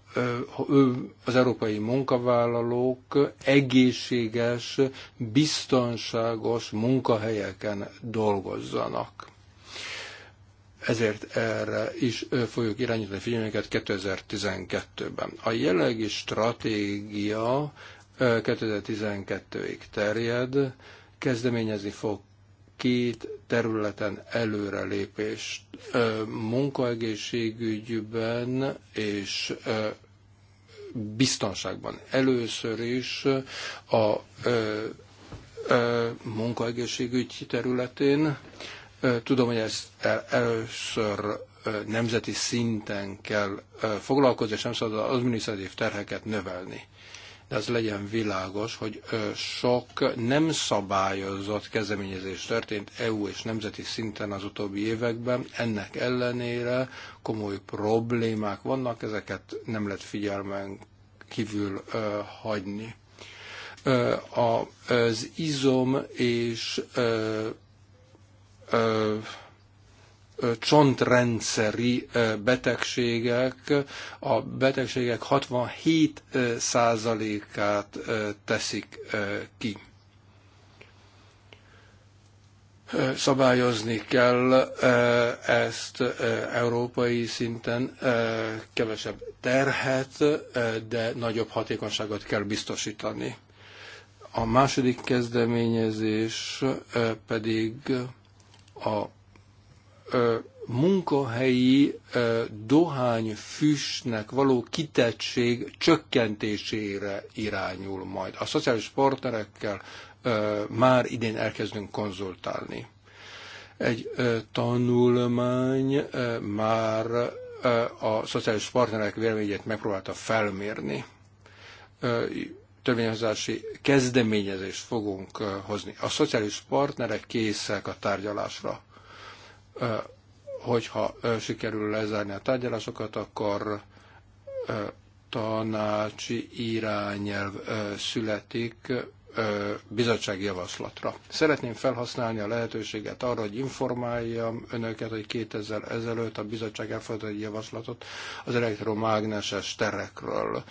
az európai munkavállalók egészséges, biztonságos munkahelyeken dolgozzanak. Ezért erre is fogjuk irányítani figyelmünket 2012-ben. A jelenlegi stratégia 2012-ig terjed, kezdeményezni fog két területen előrelépést munkaegészségügyben és biztonságban. Először is a munkaegészségügy területén. Tudom, hogy ezt először nemzeti szinten kell foglalkozni, és nem szabad az adminisztratív terheket növelni de az legyen világos, hogy sok nem szabályozott kezdeményezés történt EU és nemzeti szinten az utóbbi években. Ennek ellenére komoly problémák vannak, ezeket nem lehet figyelmen kívül hagyni. Az izom és csontrendszeri betegségek, a betegségek 67%-át teszik ki. Szabályozni kell ezt európai szinten, kevesebb terhet, de nagyobb hatékonyságot kell biztosítani. A második kezdeményezés pedig a munkahelyi dohányfüstnek való kitettség csökkentésére irányul majd. A szociális partnerekkel már idén elkezdünk konzultálni. Egy tanulmány már a szociális partnerek véleményét megpróbálta felmérni törvényhozási kezdeményezést fogunk hozni. A szociális partnerek készek a tárgyalásra hogyha sikerül lezárni a tárgyalásokat, akkor tanácsi irányelv születik bizottsági javaslatra. Szeretném felhasználni a lehetőséget arra, hogy informáljam önöket, hogy 2000 ezelőtt a bizottság elfogadott egy javaslatot az elektromágneses terekről.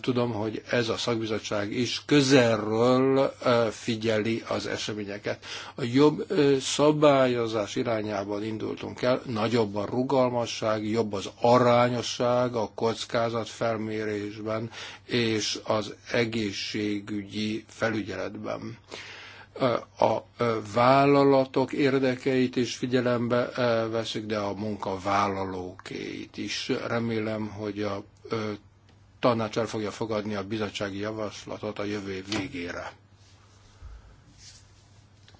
Tudom, hogy ez a szakbizottság is közelről figyeli az eseményeket. A jobb szabályozás irányában indultunk el, nagyobb a rugalmasság, jobb az arányosság a kockázat felmérésben és az egészségügyi felügyeletben felügyeletben. A vállalatok érdekeit is figyelembe veszik, de a munkavállalókéit is. Remélem, hogy a tanács el fogja fogadni a bizottsági javaslatot a jövő év végére.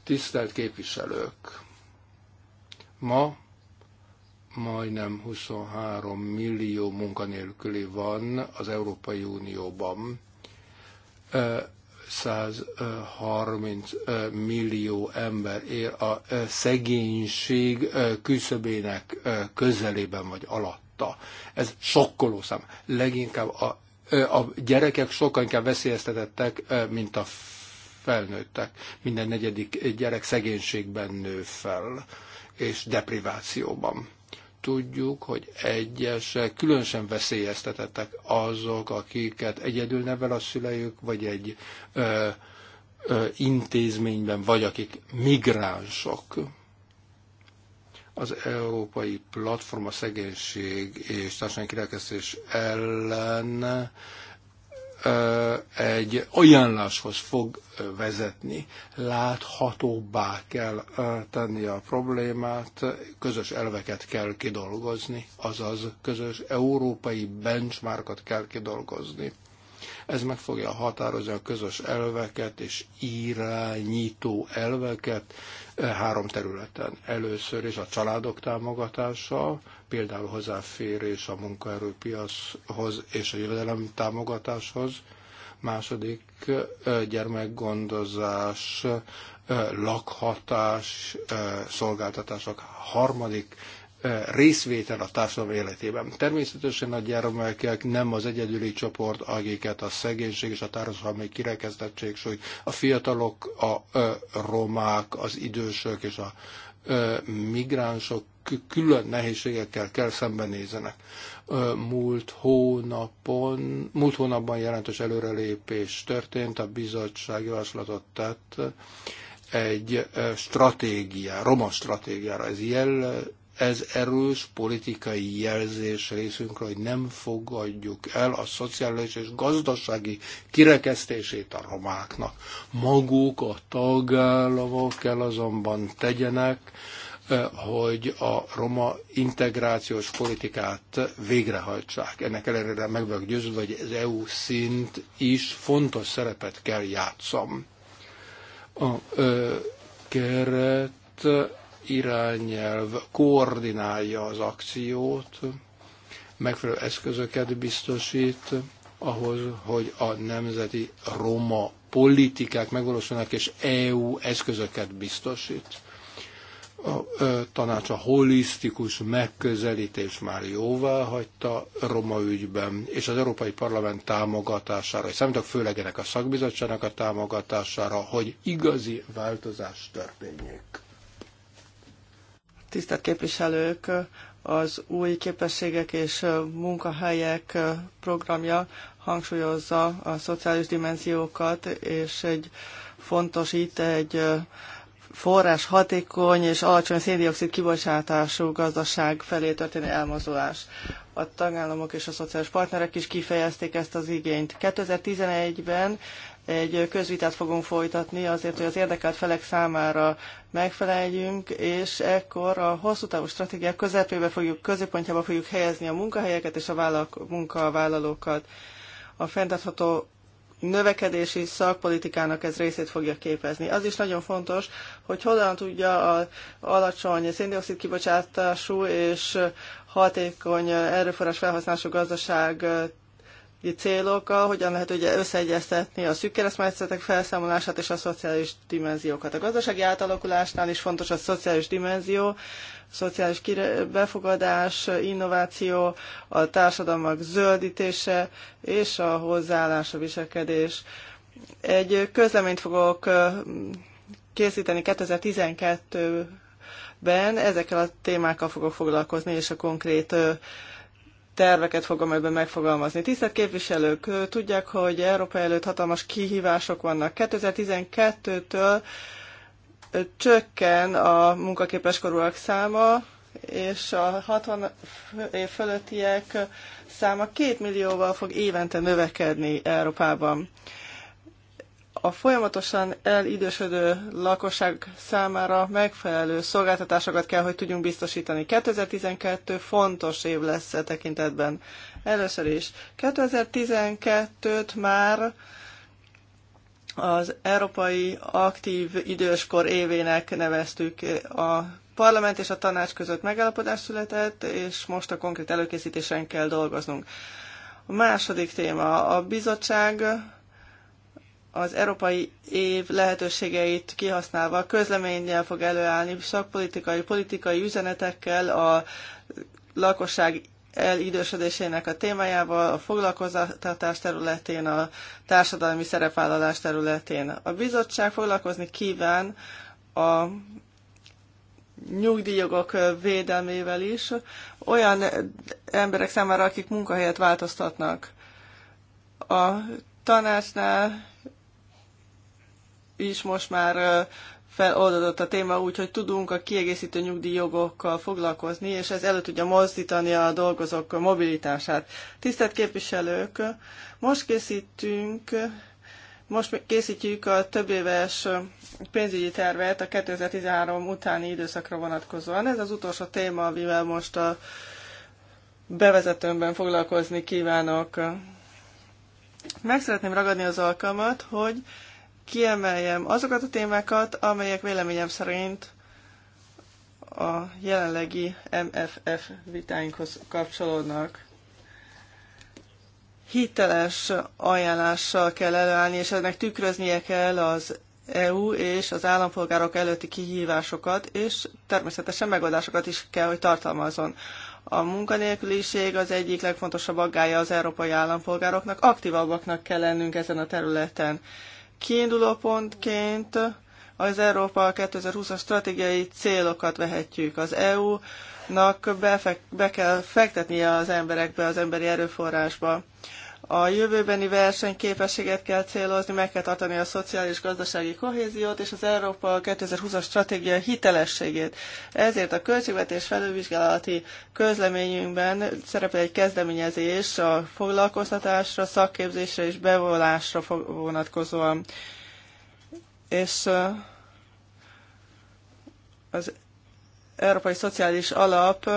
Tisztelt képviselők! Ma majdnem 23 millió munkanélküli van az Európai Unióban. 130 millió ember él a szegénység küszöbének közelében vagy alatta. Ez sokkoló szám. Leginkább a, a gyerekek sokkal inkább veszélyeztetettek, mint a felnőttek. Minden negyedik gyerek szegénységben nő fel, és deprivációban tudjuk, hogy egyesek különösen veszélyeztetettek azok, akiket egyedül nevel a szülejük, vagy egy ö, ö, intézményben, vagy akik migránsok. Az Európai Platforma Szegénység és Társadalmi Kirekesztés ellen egy ajánláshoz fog vezetni. Láthatóbbá kell tenni a problémát, közös elveket kell kidolgozni, azaz közös európai benchmarkot kell kidolgozni. Ez meg fogja határozni a közös elveket és irányító elveket, E három területen. Először is a családok támogatása, például hozzáférés a munkaerőpiachoz és a jövedelem támogatáshoz, második e, gyermekgondozás, e, lakhatás, szolgáltatások, harmadik részvétel a társadalom életében. Természetesen a gyermekek nem az egyedüli csoport, akiket a szegénység és a társadalmi kirekesztettség súly. A fiatalok, a romák, az idősök és a migránsok külön nehézségekkel kell szembenézenek. Múlt, hónapon, múlt hónapban jelentős előrelépés történt, a bizottság javaslatot tett egy stratégiára, roma stratégiára. Ez jel, ez erős politikai jelzés részünkre, hogy nem fogadjuk el a szociális és gazdasági kirekesztését a romáknak. Maguk a tagállamok kell azonban tegyenek, eh, hogy a roma integrációs politikát végrehajtsák. Ennek ellenére meg vagyok győződve, hogy az EU szint is fontos szerepet kell játszom A ö, eh, keret irányelv koordinálja az akciót, megfelelő eszközöket biztosít ahhoz, hogy a nemzeti roma politikák megvalósulnak, és EU eszközöket biztosít. A tanács a holisztikus megközelítés már jóvá hagyta Roma ügyben, és az Európai Parlament támogatására, és számítok főleg ennek a szakbizottságnak a támogatására, hogy igazi változás történjék tisztelt képviselők, az új képességek és munkahelyek programja hangsúlyozza a szociális dimenziókat, és egy fontos itt egy forrás hatékony és alacsony széndiokszid kibocsátású gazdaság felé történő elmozdulás. A tagállamok és a szociális partnerek is kifejezték ezt az igényt. 2011-ben egy közvitát fogunk folytatni azért, hogy az érdekelt felek számára megfeleljünk, és ekkor a hosszú távú stratégiák közepébe fogjuk, középpontjába fogjuk helyezni a munkahelyeket és a vállal- munkavállalókat. A fenntartható növekedési szakpolitikának ez részét fogja képezni. Az is nagyon fontos, hogy hogyan tudja a alacsony széndiokszid kibocsátású és hatékony erőforrás felhasználású gazdaság célokkal, hogyan lehet ugye összeegyeztetni a szűk keresztmetszetek felszámolását és a szociális dimenziókat. A gazdasági átalakulásnál is fontos a szociális dimenzió, szociális befogadás, innováció, a társadalmak zöldítése és a hozzáállás, a viselkedés. Egy közleményt fogok készíteni 2012-ben, ezekkel a témákkal fogok foglalkozni, és a konkrét terveket fogom ebben megfogalmazni. Tisztelt képviselők, tudják, hogy Európa előtt hatalmas kihívások vannak. 2012-től csökken a munkaképes korúak száma, és a 60 év fölöttiek száma 2 millióval fog évente növekedni Európában a folyamatosan elidősödő lakosság számára megfelelő szolgáltatásokat kell, hogy tudjunk biztosítani. 2012 fontos év lesz e tekintetben. Először is. 2012-t már az Európai Aktív Időskor évének neveztük. A parlament és a tanács között megállapodás született, és most a konkrét előkészítésen kell dolgoznunk. A második téma. A bizottság az európai év lehetőségeit kihasználva közleménnyel fog előállni, szakpolitikai, politikai üzenetekkel a lakosság elidősödésének a témájával, a foglalkoztatás területén, a társadalmi szerepvállalás területén. A bizottság foglalkozni kíván a nyugdíjogok védelmével is, olyan emberek számára, akik munkahelyet változtatnak. A tanácsnál is most már feloldódott a téma, hogy tudunk a kiegészítő nyugdíjjogokkal foglalkozni, és ez elő tudja mozdítani a dolgozók mobilitását. Tisztelt képviselők, most készítünk most készítjük a több éves pénzügyi tervet a 2013 utáni időszakra vonatkozóan. Ez az utolsó téma, amivel most a bevezetőmben foglalkozni kívánok. Meg szeretném ragadni az alkalmat, hogy kiemeljem azokat a témákat, amelyek véleményem szerint a jelenlegi MFF vitáinkhoz kapcsolódnak. Hiteles ajánlással kell előállni, és ennek tükröznie kell az EU és az állampolgárok előtti kihívásokat, és természetesen megoldásokat is kell, hogy tartalmazon. A munkanélküliség az egyik legfontosabb aggája az európai állampolgároknak, aktívabbaknak kell lennünk ezen a területen kiindulópontként az Európa 2020-as stratégiai célokat vehetjük. Az EU-nak be, be kell fektetnie az emberekbe, az emberi erőforrásba. A jövőbeni versenyképességet kell célozni, meg kell tartani a szociális-gazdasági kohéziót és az Európa 2020-as stratégia hitelességét. Ezért a költségvetés felülvizsgálati közleményünkben szerepel egy kezdeményezés a foglalkoztatásra, szakképzésre és bevonásra vonatkozóan. És az Európai Szociális Alap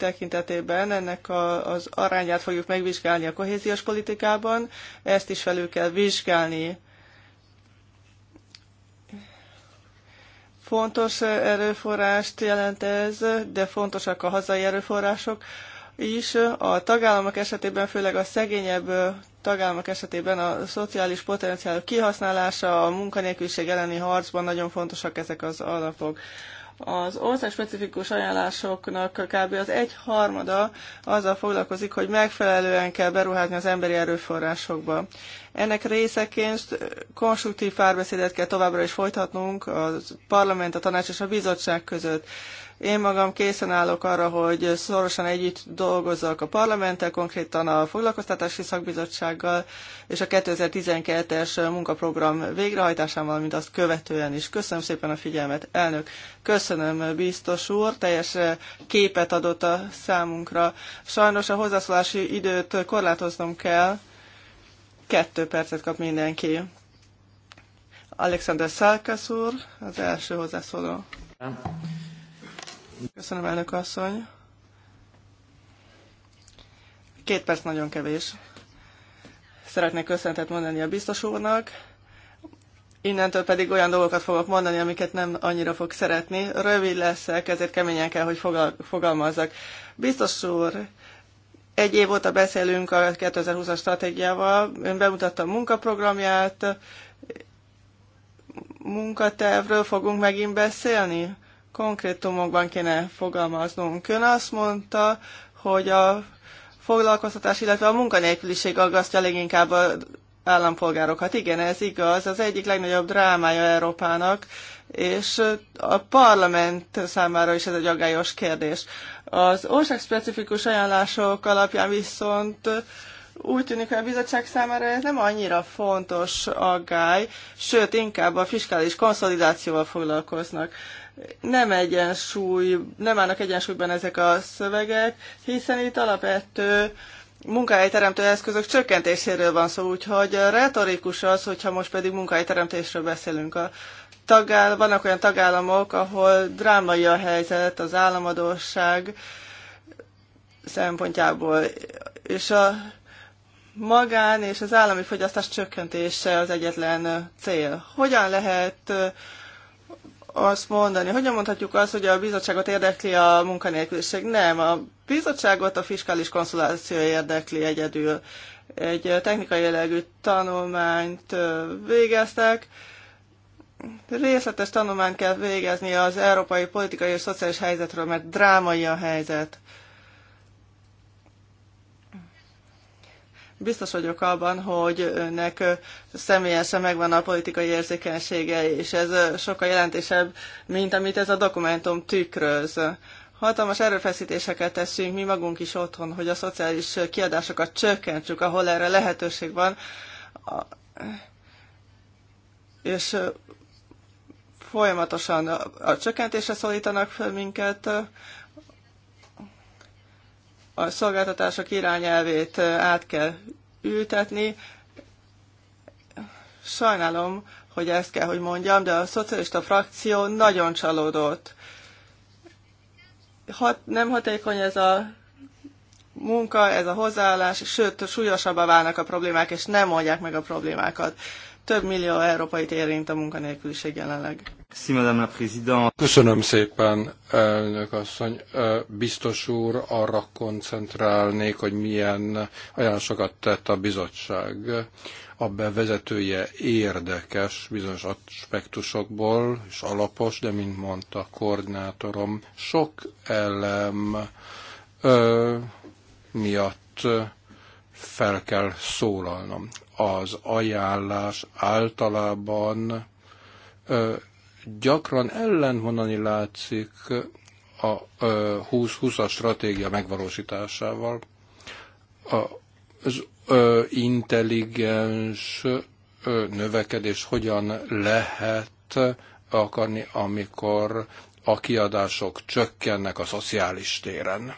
tekintetében ennek a, az arányát fogjuk megvizsgálni a kohéziós politikában, ezt is felül kell vizsgálni. Fontos erőforrást jelent ez, de fontosak a hazai erőforrások is. A tagállamok esetében, főleg a szegényebb tagállamok esetében a szociális potenciál kihasználása, a munkanélküliség elleni harcban nagyon fontosak ezek az alapok. Az ország specifikus ajánlásoknak kb. az egy harmada azzal foglalkozik, hogy megfelelően kell beruházni az emberi erőforrásokba. Ennek részeként konstruktív párbeszédet kell továbbra is folytatnunk a parlament, a tanács és a bizottság között. Én magam készen állok arra, hogy szorosan együtt dolgozzak a parlamenttel, konkrétan a foglalkoztatási szakbizottsággal és a 2012-es munkaprogram végrehajtásával, mint azt követően is. Köszönöm szépen a figyelmet, elnök. Köszönöm, biztos úr, teljes képet adott a számunkra. Sajnos a hozzászólási időt korlátoznom kell, Kettő percet kap mindenki. Alexander Szalkasz úr, az első hozzászóló. Köszönöm, elnök asszony. Két perc nagyon kevés. Szeretnék köszöntet mondani a biztos úrnak. Innentől pedig olyan dolgokat fogok mondani, amiket nem annyira fog szeretni. Rövid leszek, ezért keményen kell, hogy fogal- fogalmazzak. Biztos úr, egy év óta beszélünk a 2020-as stratégiával, ön bemutatta a munkaprogramját, munkatervről fogunk megint beszélni? Konkrétumokban kéne fogalmaznunk. Ön azt mondta, hogy a foglalkoztatás, illetve a munkanélküliség aggasztja leginkább a állampolgárokat. Igen, ez igaz, az egyik legnagyobb drámája Európának, és a parlament számára is ez egy aggályos kérdés. Az országspecifikus ajánlások alapján viszont úgy tűnik, hogy a bizottság számára ez nem annyira fontos aggály, sőt, inkább a fiskális konszolidációval foglalkoznak. Nem egyensúly, nem állnak egyensúlyban ezek a szövegek, hiszen itt alapvető munkahelyteremtő eszközök csökkentéséről van szó, úgyhogy retorikus az, hogyha most pedig munkahelyteremtésről beszélünk. A tagáll- vannak olyan tagállamok, ahol drámai a helyzet, az államadóság szempontjából, és a magán és az állami fogyasztás csökkentése az egyetlen cél. Hogyan lehet azt mondani, hogyan mondhatjuk azt, hogy a bizottságot érdekli a munkanélküliség? Nem, a bizottságot a fiskális konszuláció érdekli egyedül. Egy technikai jellegű tanulmányt végeztek, részletes tanulmányt kell végezni az európai politikai és szociális helyzetről, mert drámai a helyzet. Biztos vagyok abban, hogy önnek személyesen megvan a politikai érzékenysége, és ez sokkal jelentésebb, mint amit ez a dokumentum tükröz. Hatalmas erőfeszítéseket teszünk mi magunk is otthon, hogy a szociális kiadásokat csökkentsük, ahol erre lehetőség van. És folyamatosan a csökkentésre szólítanak fel minket, a szolgáltatások irányelvét át kell ültetni. Sajnálom, hogy ezt kell, hogy mondjam, de a szocialista frakció nagyon csalódott. Hat, nem hatékony ez a munka, ez a hozzáállás, sőt, súlyosabbá válnak a problémák, és nem oldják meg a problémákat. Több millió európait érint a munkanélküliség jelenleg. Köszönöm szépen, elnök asszony. Biztos úr, arra koncentrálnék, hogy milyen ajánlásokat tett a bizottság. A bevezetője érdekes bizonyos aspektusokból, és alapos, de mint mondta a koordinátorom, sok elem ö, miatt fel kell szólalnom. Az ajánlás általában gyakran ellentmondani látszik a 20 as stratégia megvalósításával. Az intelligens növekedés hogyan lehet akarni, amikor a kiadások csökkennek a szociális téren.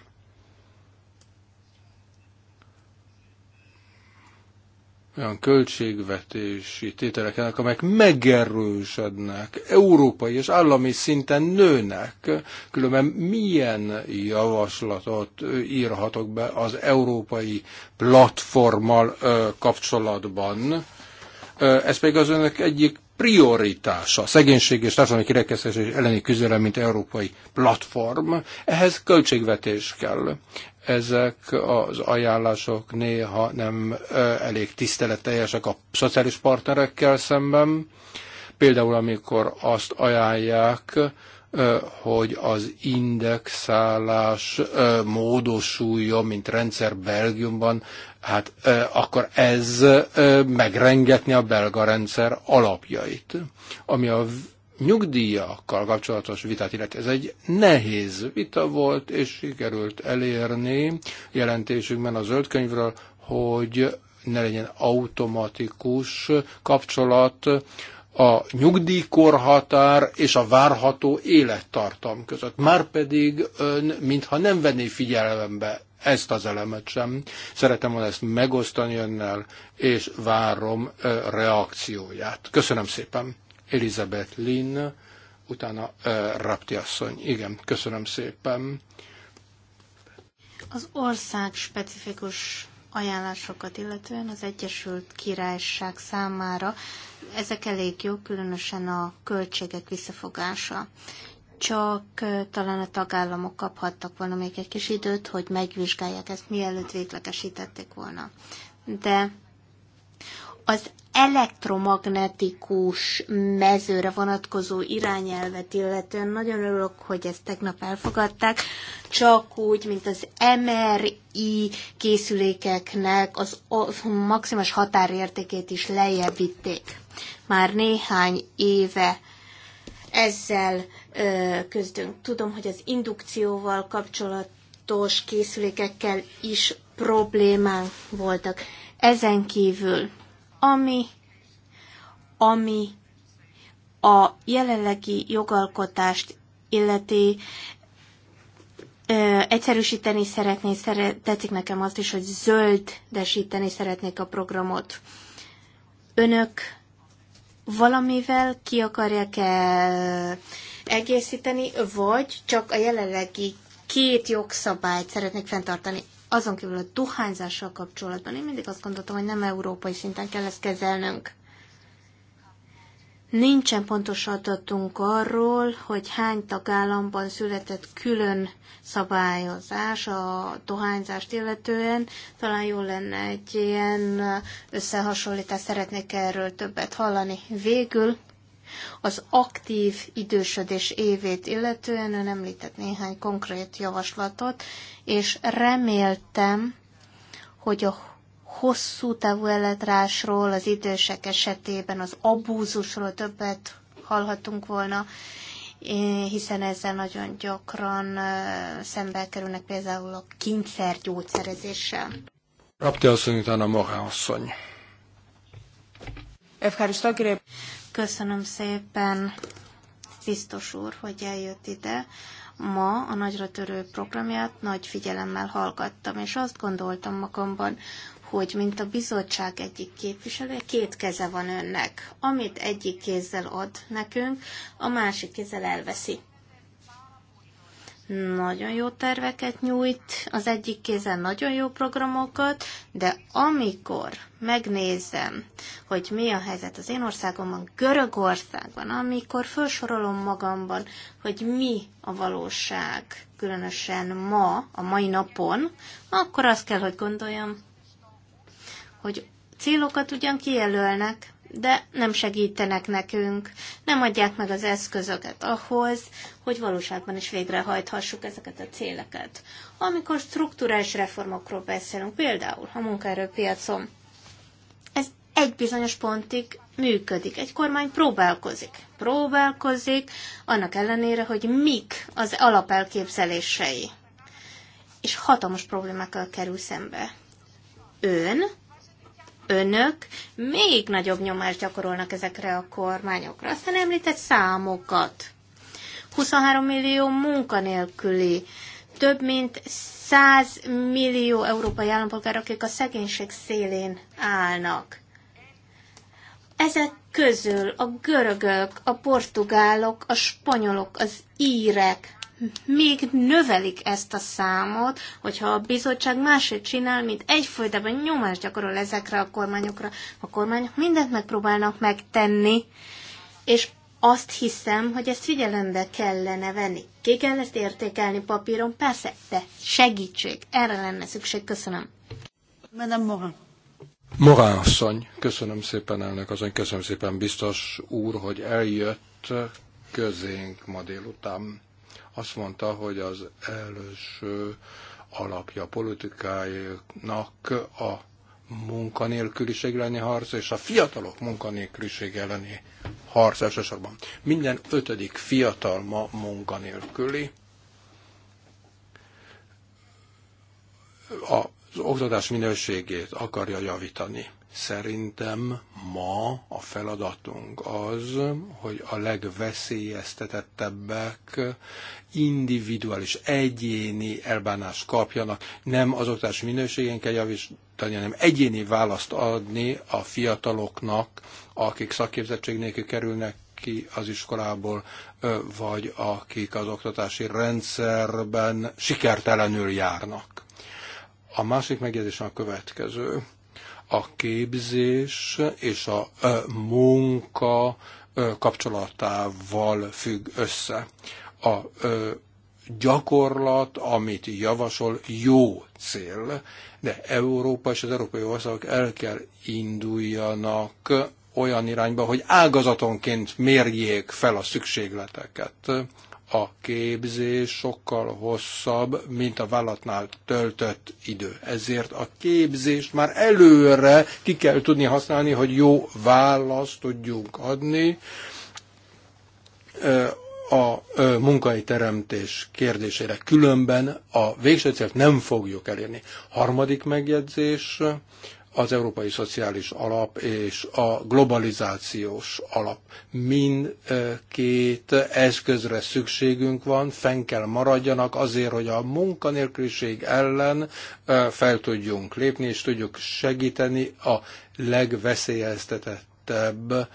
olyan költségvetési tételek amelyek megerősödnek, európai és állami szinten nőnek. Különben milyen javaslatot írhatok be az európai platformmal kapcsolatban? Ez pedig az önök egyik prioritása a szegénység és társadalmi kirekesztés elleni küzdelem, mint európai platform. Ehhez költségvetés kell. Ezek az ajánlások néha nem elég tiszteletteljesek a szociális partnerekkel szemben. Például, amikor azt ajánlják, hogy az indexálás módosulja, mint rendszer Belgiumban, hát akkor ez megrengetni a belga rendszer alapjait. Ami a nyugdíjakkal kapcsolatos vitát illeti. Ez egy nehéz vita volt, és sikerült elérni jelentésünkben a zöld könyvről, hogy ne legyen automatikus kapcsolat a nyugdíjkorhatár és a várható élettartam között. Márpedig ön, mintha nem venné figyelembe ezt az elemet sem. Szeretem volna ezt megosztani önnel, és várom reakcióját. Köszönöm szépen. Elizabeth Lynn, utána Rapti asszony. Igen, köszönöm szépen. Az ország specifikus ajánlásokat illetően az Egyesült Királyság számára ezek elég jó, különösen a költségek visszafogása. Csak talán a tagállamok kaphattak volna még egy kis időt, hogy megvizsgálják ezt, mielőtt véglegesítették volna. De az elektromagnetikus mezőre vonatkozó irányelvet illetően nagyon örülök, hogy ezt tegnap elfogadták, csak úgy, mint az MRI készülékeknek az maximális határértékét is lejjebb vitték. Már néhány éve ezzel ö, közdünk. Tudom, hogy az indukcióval kapcsolatos készülékekkel is problémánk voltak. Ezen kívül ami, ami a jelenlegi jogalkotást illeti, egyszerűsíteni szeretné, szeret, tetszik nekem azt is, hogy zöldesíteni szeretnék a programot. Önök valamivel ki akarják-e egészíteni, vagy csak a jelenlegi két jogszabályt szeretnék fenntartani. Azon kívül a dohányzással kapcsolatban én mindig azt gondoltam, hogy nem európai szinten kell ezt kezelnünk. Nincsen pontos adatunk arról, hogy hány tagállamban született külön szabályozás a dohányzást illetően. Talán jó lenne egy ilyen összehasonlítás szeretnék erről többet hallani. Végül az aktív idősödés évét illetően ön említett néhány konkrét javaslatot, és reméltem, hogy a hosszú távú eletrásról, az idősek esetében az abúzusról többet hallhatunk volna, hiszen ezzel nagyon gyakran szembe kerülnek például a kényszergyógyszerezéssel. Rapti asszony, utána Mohá asszony. Köszönöm szépen, biztos úr, hogy eljött ide. Ma a nagyra törő programját nagy figyelemmel hallgattam, és azt gondoltam magamban, hogy mint a bizottság egyik képviselője, két keze van önnek. Amit egyik kézzel ad nekünk, a másik kézzel elveszi nagyon jó terveket nyújt, az egyik kézen nagyon jó programokat, de amikor megnézem, hogy mi a helyzet az én országomban, Görögországban, amikor felsorolom magamban, hogy mi a valóság, különösen ma, a mai napon, akkor azt kell, hogy gondoljam, hogy célokat ugyan kijelölnek, de nem segítenek nekünk, nem adják meg az eszközöket ahhoz, hogy valóságban is végrehajthassuk ezeket a céleket. Amikor strukturális reformokról beszélünk, például a munkaerőpiacon, ez egy bizonyos pontig működik. Egy kormány próbálkozik. Próbálkozik, annak ellenére, hogy mik az alapelképzelései. És hatalmas problémákkal kerül szembe. Ön önök még nagyobb nyomást gyakorolnak ezekre a kormányokra. Aztán említett számokat. 23 millió munkanélküli, több mint 100 millió európai állampolgár, akik a szegénység szélén állnak. Ezek közül a görögök, a portugálok, a spanyolok, az írek még növelik ezt a számot, hogyha a bizottság másért csinál, mint egyfolytában nyomást gyakorol ezekre a kormányokra. A kormányok mindent megpróbálnak megtenni, és azt hiszem, hogy ezt figyelembe kellene venni. Ki kell ezt értékelni papíron? Persze, de segítség. Erre lenne szükség. Köszönöm. Madame Morin. Morán asszony, köszönöm szépen elnök asszony, köszönöm szépen biztos úr, hogy eljött közénk ma délután. Azt mondta, hogy az első alapja politikájának a munkanélküliség elleni harc és a fiatalok munkanélküliség elleni harc elsősorban. Minden ötödik fiatal ma munkanélküli. Az oktatás minőségét akarja javítani Szerintem ma a feladatunk az, hogy a legveszélyeztetettebbek individuális, egyéni elbánást kapjanak. Nem az oktatás minőségén kell javítani, hanem egyéni választ adni a fiataloknak, akik szakképzettség nélkül kerülnek ki az iskolából, vagy akik az oktatási rendszerben sikertelenül járnak. A másik megjegyzésem a következő a képzés és a munka kapcsolatával függ össze. A gyakorlat, amit javasol, jó cél, de Európa és az európai országok el kell induljanak olyan irányba, hogy ágazatonként mérjék fel a szükségleteket a képzés sokkal hosszabb, mint a vállatnál töltött idő. Ezért a képzést már előre ki kell tudni használni, hogy jó választ tudjunk adni a munkai teremtés kérdésére. Különben a végső célt nem fogjuk elérni. Harmadik megjegyzés, az Európai Szociális Alap és a Globalizációs Alap. Mindkét eszközre szükségünk van, fenn kell maradjanak azért, hogy a munkanélküliség ellen fel tudjunk lépni, és tudjuk segíteni a legveszélyeztetettebb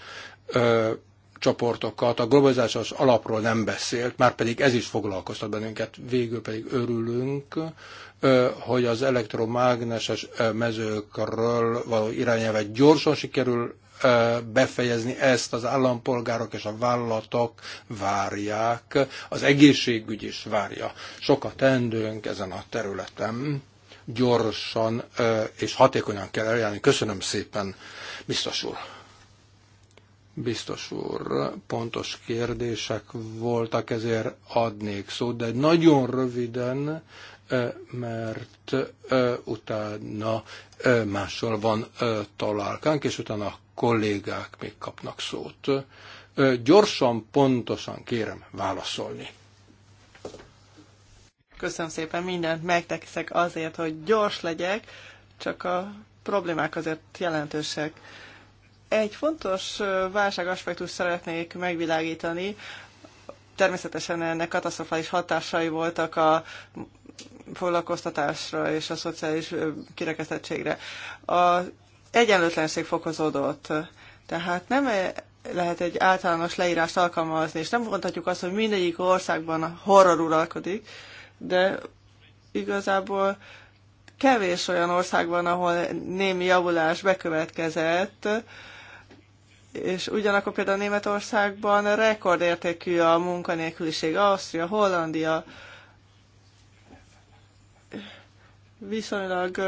csoportokat. A globalizációs alapról nem beszélt, már pedig ez is foglalkoztat bennünket. Végül pedig örülünk, hogy az elektromágneses mezőkről való irányelvet gyorsan sikerül befejezni ezt az állampolgárok és a vállalatok várják, az egészségügy is várja. Sokat tendőnk ezen a területen, gyorsan és hatékonyan kell eljárni. Köszönöm szépen, biztos úr! Biztos úr, pontos kérdések voltak, ezért adnék szót, de nagyon röviden, mert utána mással van találkánk, és utána a kollégák még kapnak szót. Gyorsan, pontosan kérem válaszolni. Köszönöm szépen, mindent megteszek azért, hogy gyors legyek, csak a problémák azért jelentősek egy fontos válságaspektus szeretnék megvilágítani. Természetesen ennek katasztrofális hatásai voltak a foglalkoztatásra és a szociális kirekesztettségre. A egyenlőtlenség fokozódott. Tehát nem e- lehet egy általános leírást alkalmazni, és nem mondhatjuk azt, hogy mindegyik országban horror uralkodik, de igazából kevés olyan ország van, ahol némi javulás bekövetkezett, és ugyanakkor például Németországban rekordértékű a munkanélküliség, Ausztria, Hollandia viszonylag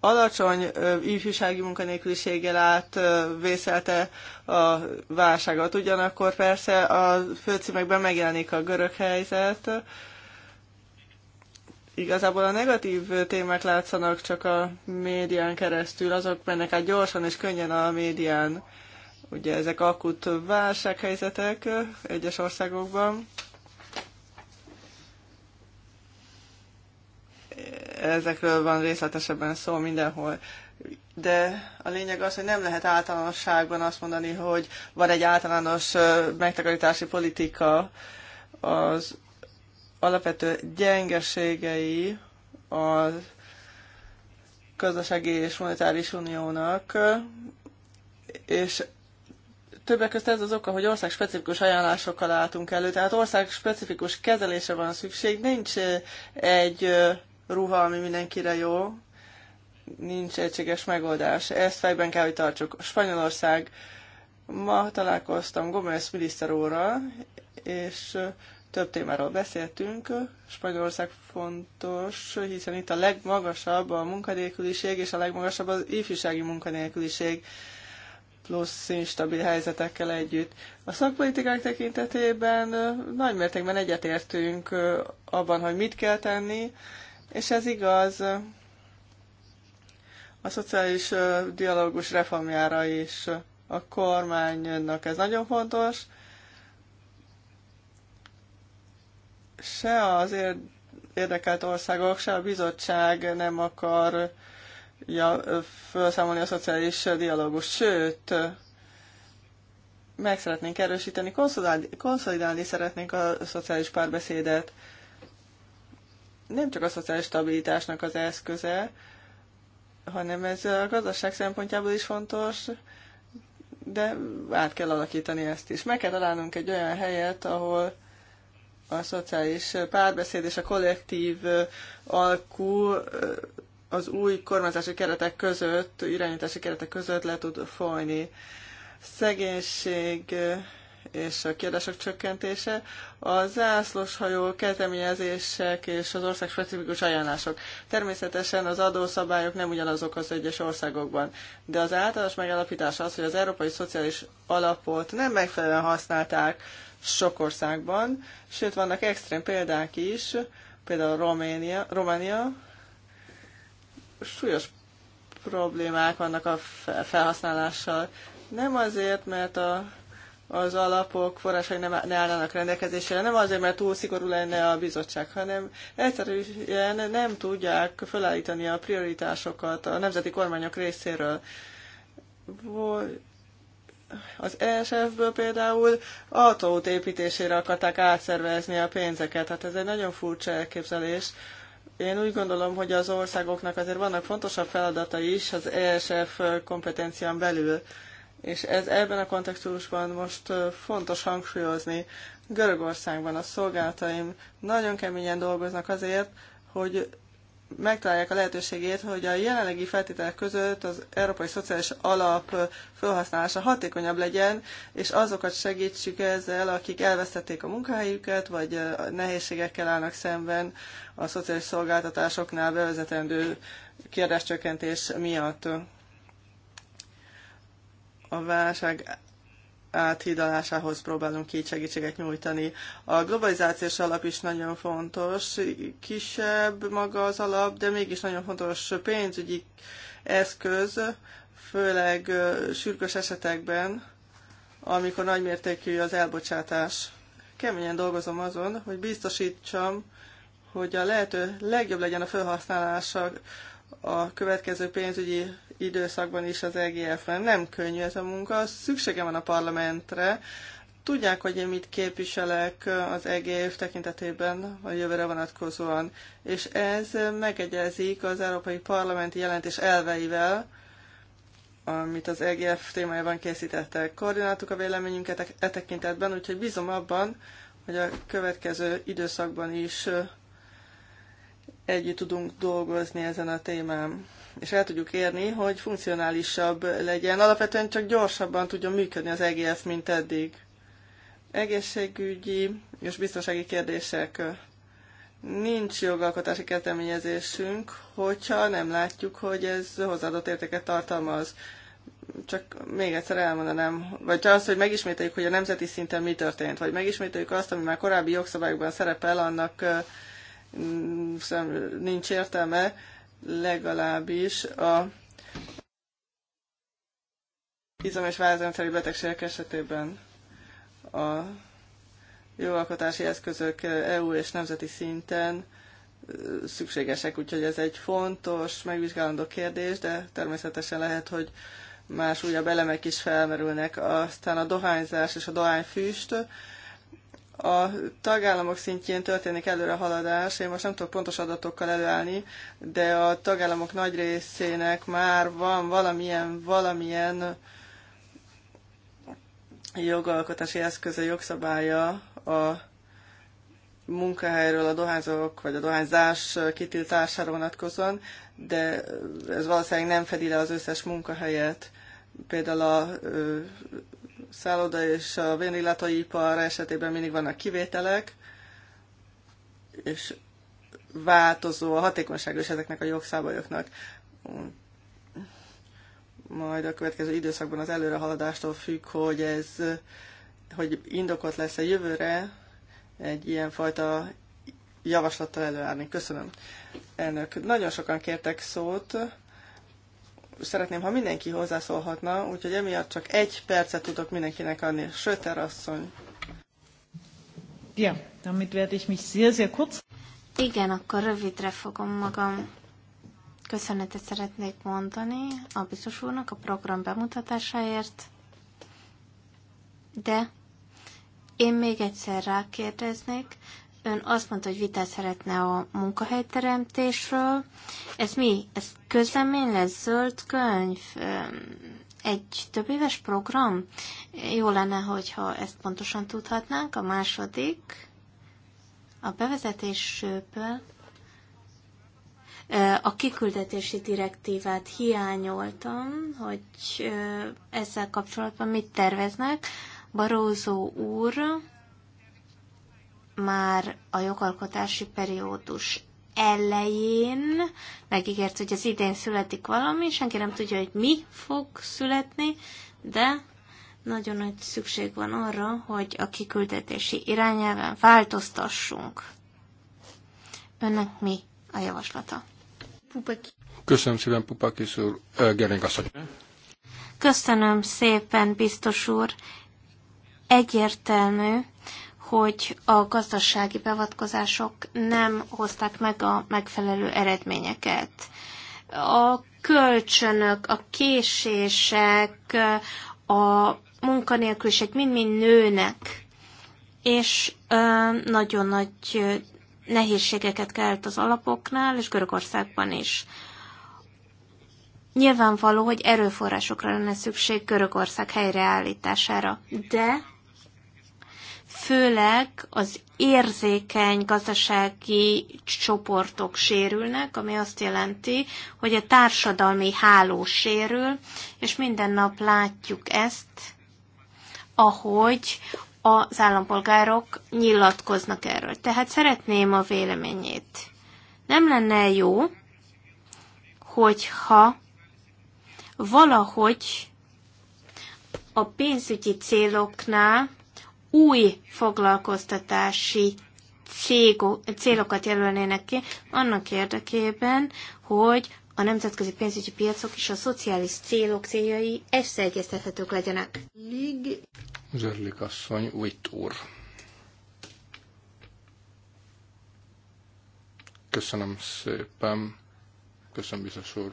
alacsony ifjúsági munkanélküliséggel át vészelte a válságot. Ugyanakkor persze a főcímekben megjelenik a görög helyzet. Igazából a negatív témák látszanak csak a médián keresztül, azok mennek át gyorsan és könnyen a médián. Ugye ezek akut válsághelyzetek egyes országokban. Ezekről van részletesebben szó mindenhol. De a lényeg az, hogy nem lehet általánosságban azt mondani, hogy van egy általános megtakarítási politika. Az alapvető gyengeségei a gazdasági és monetáris uniónak, és Többek között ez az oka, hogy országspecifikus ajánlásokkal álltunk elő, tehát országspecifikus kezelése van szükség, nincs egy ruha, ami mindenkire jó, nincs egységes megoldás. Ezt fejben kell, hogy tartsuk. Spanyolország ma találkoztam Gomez miniszter és több témáról beszéltünk. Spanyolország fontos, hiszen itt a legmagasabb a munkanélküliség, és a legmagasabb az ifjúsági munkanélküliség plusz instabil helyzetekkel együtt. A szakpolitikák tekintetében nagy mértékben egyetértünk abban, hogy mit kell tenni, és ez igaz a szociális dialógus reformjára is. A kormánynak ez nagyon fontos. Se az érdekelt országok, se a bizottság nem akar ja, felszámolni a szociális dialógus. Sőt, meg szeretnénk erősíteni, konszolidálni, konszolidálni szeretnénk a szociális párbeszédet. Nem csak a szociális stabilitásnak az eszköze, hanem ez a gazdaság szempontjából is fontos, de át kell alakítani ezt is. Meg kell találnunk egy olyan helyet, ahol a szociális párbeszéd és a kollektív alkú az új kormányzási keretek között, irányítási keretek között le tud folyni. Szegénység eh, és a kiadások csökkentése, a zászlóshajó kezdeményezések és az ország specifikus ajánlások. Természetesen az adószabályok nem ugyanazok az egyes országokban, de az általános megállapítás az, hogy az európai szociális alapot nem megfelelően használták sok országban, sőt vannak extrém példák is, például Románia, Románia súlyos problémák vannak a felhasználással. Nem azért, mert a, az alapok forrásai nem ne állnának rendelkezésére, nem azért, mert túl szigorú lenne a bizottság, hanem egyszerűen nem tudják felállítani a prioritásokat a nemzeti kormányok részéről. Az ESF-ből például autót építésére akarták átszervezni a pénzeket, hát ez egy nagyon furcsa elképzelés én úgy gondolom, hogy az országoknak azért vannak fontosabb feladatai is az ESF kompetencián belül, és ez ebben a kontextusban most fontos hangsúlyozni. Görögországban a szolgálataim nagyon keményen dolgoznak azért, hogy megtalálják a lehetőségét, hogy a jelenlegi feltételek között az Európai Szociális Alap felhasználása hatékonyabb legyen, és azokat segítsük ezzel, akik elvesztették a munkahelyüket, vagy nehézségekkel állnak szemben a szociális szolgáltatásoknál bevezetendő kiadáscsökkentés miatt. A válság áthidalásához próbálunk így segítséget nyújtani. A globalizációs alap is nagyon fontos, kisebb maga az alap, de mégis nagyon fontos pénzügyi eszköz, főleg sürgős esetekben, amikor nagymértékű az elbocsátás. Keményen dolgozom azon, hogy biztosítsam, hogy a lehető legjobb legyen a felhasználása a következő pénzügyi időszakban is az egf -en. Nem könnyű ez a munka, szüksége van a parlamentre. Tudják, hogy én mit képviselek az EGF tekintetében a jövőre vonatkozóan, és ez megegyezik az Európai Parlamenti jelentés elveivel, amit az EGF témájában készítettek. Koordináltuk a véleményünket e tekintetben, úgyhogy bízom abban, hogy a következő időszakban is együtt tudunk dolgozni ezen a témán, és el tudjuk érni, hogy funkcionálisabb legyen, alapvetően csak gyorsabban tudjon működni az EGF, mint eddig. Egészségügyi és biztonsági kérdések. Nincs jogalkotási kezdeményezésünk, hogyha nem látjuk, hogy ez hozzáadott értéket tartalmaz. Csak még egyszer elmondanám, vagy csak azt, hogy megismételjük, hogy a nemzeti szinten mi történt, vagy megismételjük azt, ami már korábbi jogszabályokban szerepel, annak Szóval nincs értelme, legalábbis a izom- és vázrendszeri betegségek esetében a jogalkotási eszközök EU és nemzeti szinten szükségesek, úgyhogy ez egy fontos, megvizsgálandó kérdés, de természetesen lehet, hogy más újabb elemek is felmerülnek. Aztán a dohányzás és a dohányfüst, a tagállamok szintjén történik előrehaladás, én most nem tudok pontos adatokkal előállni, de a tagállamok nagy részének már van valamilyen, valamilyen jogalkotási eszköze, jogszabálya a munkahelyről a dohányzók vagy a dohányzás kitiltására vonatkozóan, de ez valószínűleg nem fedi le az összes munkahelyet. Például a szálloda és a vendéglátóipar esetében mindig vannak kivételek, és változó a hatékonyság is ezeknek a jogszabályoknak. Majd a következő időszakban az előrehaladástól függ, hogy ez hogy indokot lesz a jövőre egy ilyen fajta javaslattal előállni. Köszönöm. Elnök, nagyon sokan kértek szót szeretném, ha mindenki hozzászólhatna, úgyhogy emiatt csak egy percet tudok mindenkinek adni. Söter asszony. Ja, damit werde ich mich sehr, sehr kurz. Igen, akkor rövidre fogom magam. Köszönetet szeretnék mondani a biztos úrnak a program bemutatásáért, de én még egyszer rákérdeznék, Ön azt mondta, hogy vitát szeretne a munkahelyteremtésről. Ez mi? Ez közlemény lesz, zöld könyv, egy több éves program? Jó lenne, hogyha ezt pontosan tudhatnánk. A második, a bevezetésből a kiküldetési direktívát hiányoltam, hogy ezzel kapcsolatban mit terveznek. Barózó úr már a jogalkotási periódus elején megígért, hogy az idén születik valami, senki nem tudja, hogy mi fog születni, de nagyon nagy szükség van arra, hogy a kiküldetési irányelven változtassunk. Önnek mi a javaslata? Pupaki. Köszönöm szépen, Pupaki úr, Gering asszony. Köszönöm szépen, biztos úr. Egyértelmű, hogy a gazdasági beavatkozások nem hozták meg a megfelelő eredményeket. A kölcsönök, a késések, a munkanélküliség mind-mind nőnek, és nagyon nagy nehézségeket kelt az alapoknál, és Görögországban is. Nyilvánvaló, hogy erőforrásokra lenne szükség Görögország helyreállítására, de főleg az érzékeny gazdasági csoportok sérülnek, ami azt jelenti, hogy a társadalmi háló sérül, és minden nap látjuk ezt, ahogy az állampolgárok nyilatkoznak erről. Tehát szeretném a véleményét. Nem lenne jó, hogyha valahogy a pénzügyi céloknál új foglalkoztatási célokat jelölnének ki, annak érdekében, hogy a nemzetközi pénzügyi piacok és a szociális célok céljai összeegyeztethetők legyenek. Lig... Zörlik asszony, Vittor. Köszönöm szépen. Köszönöm biztos úr.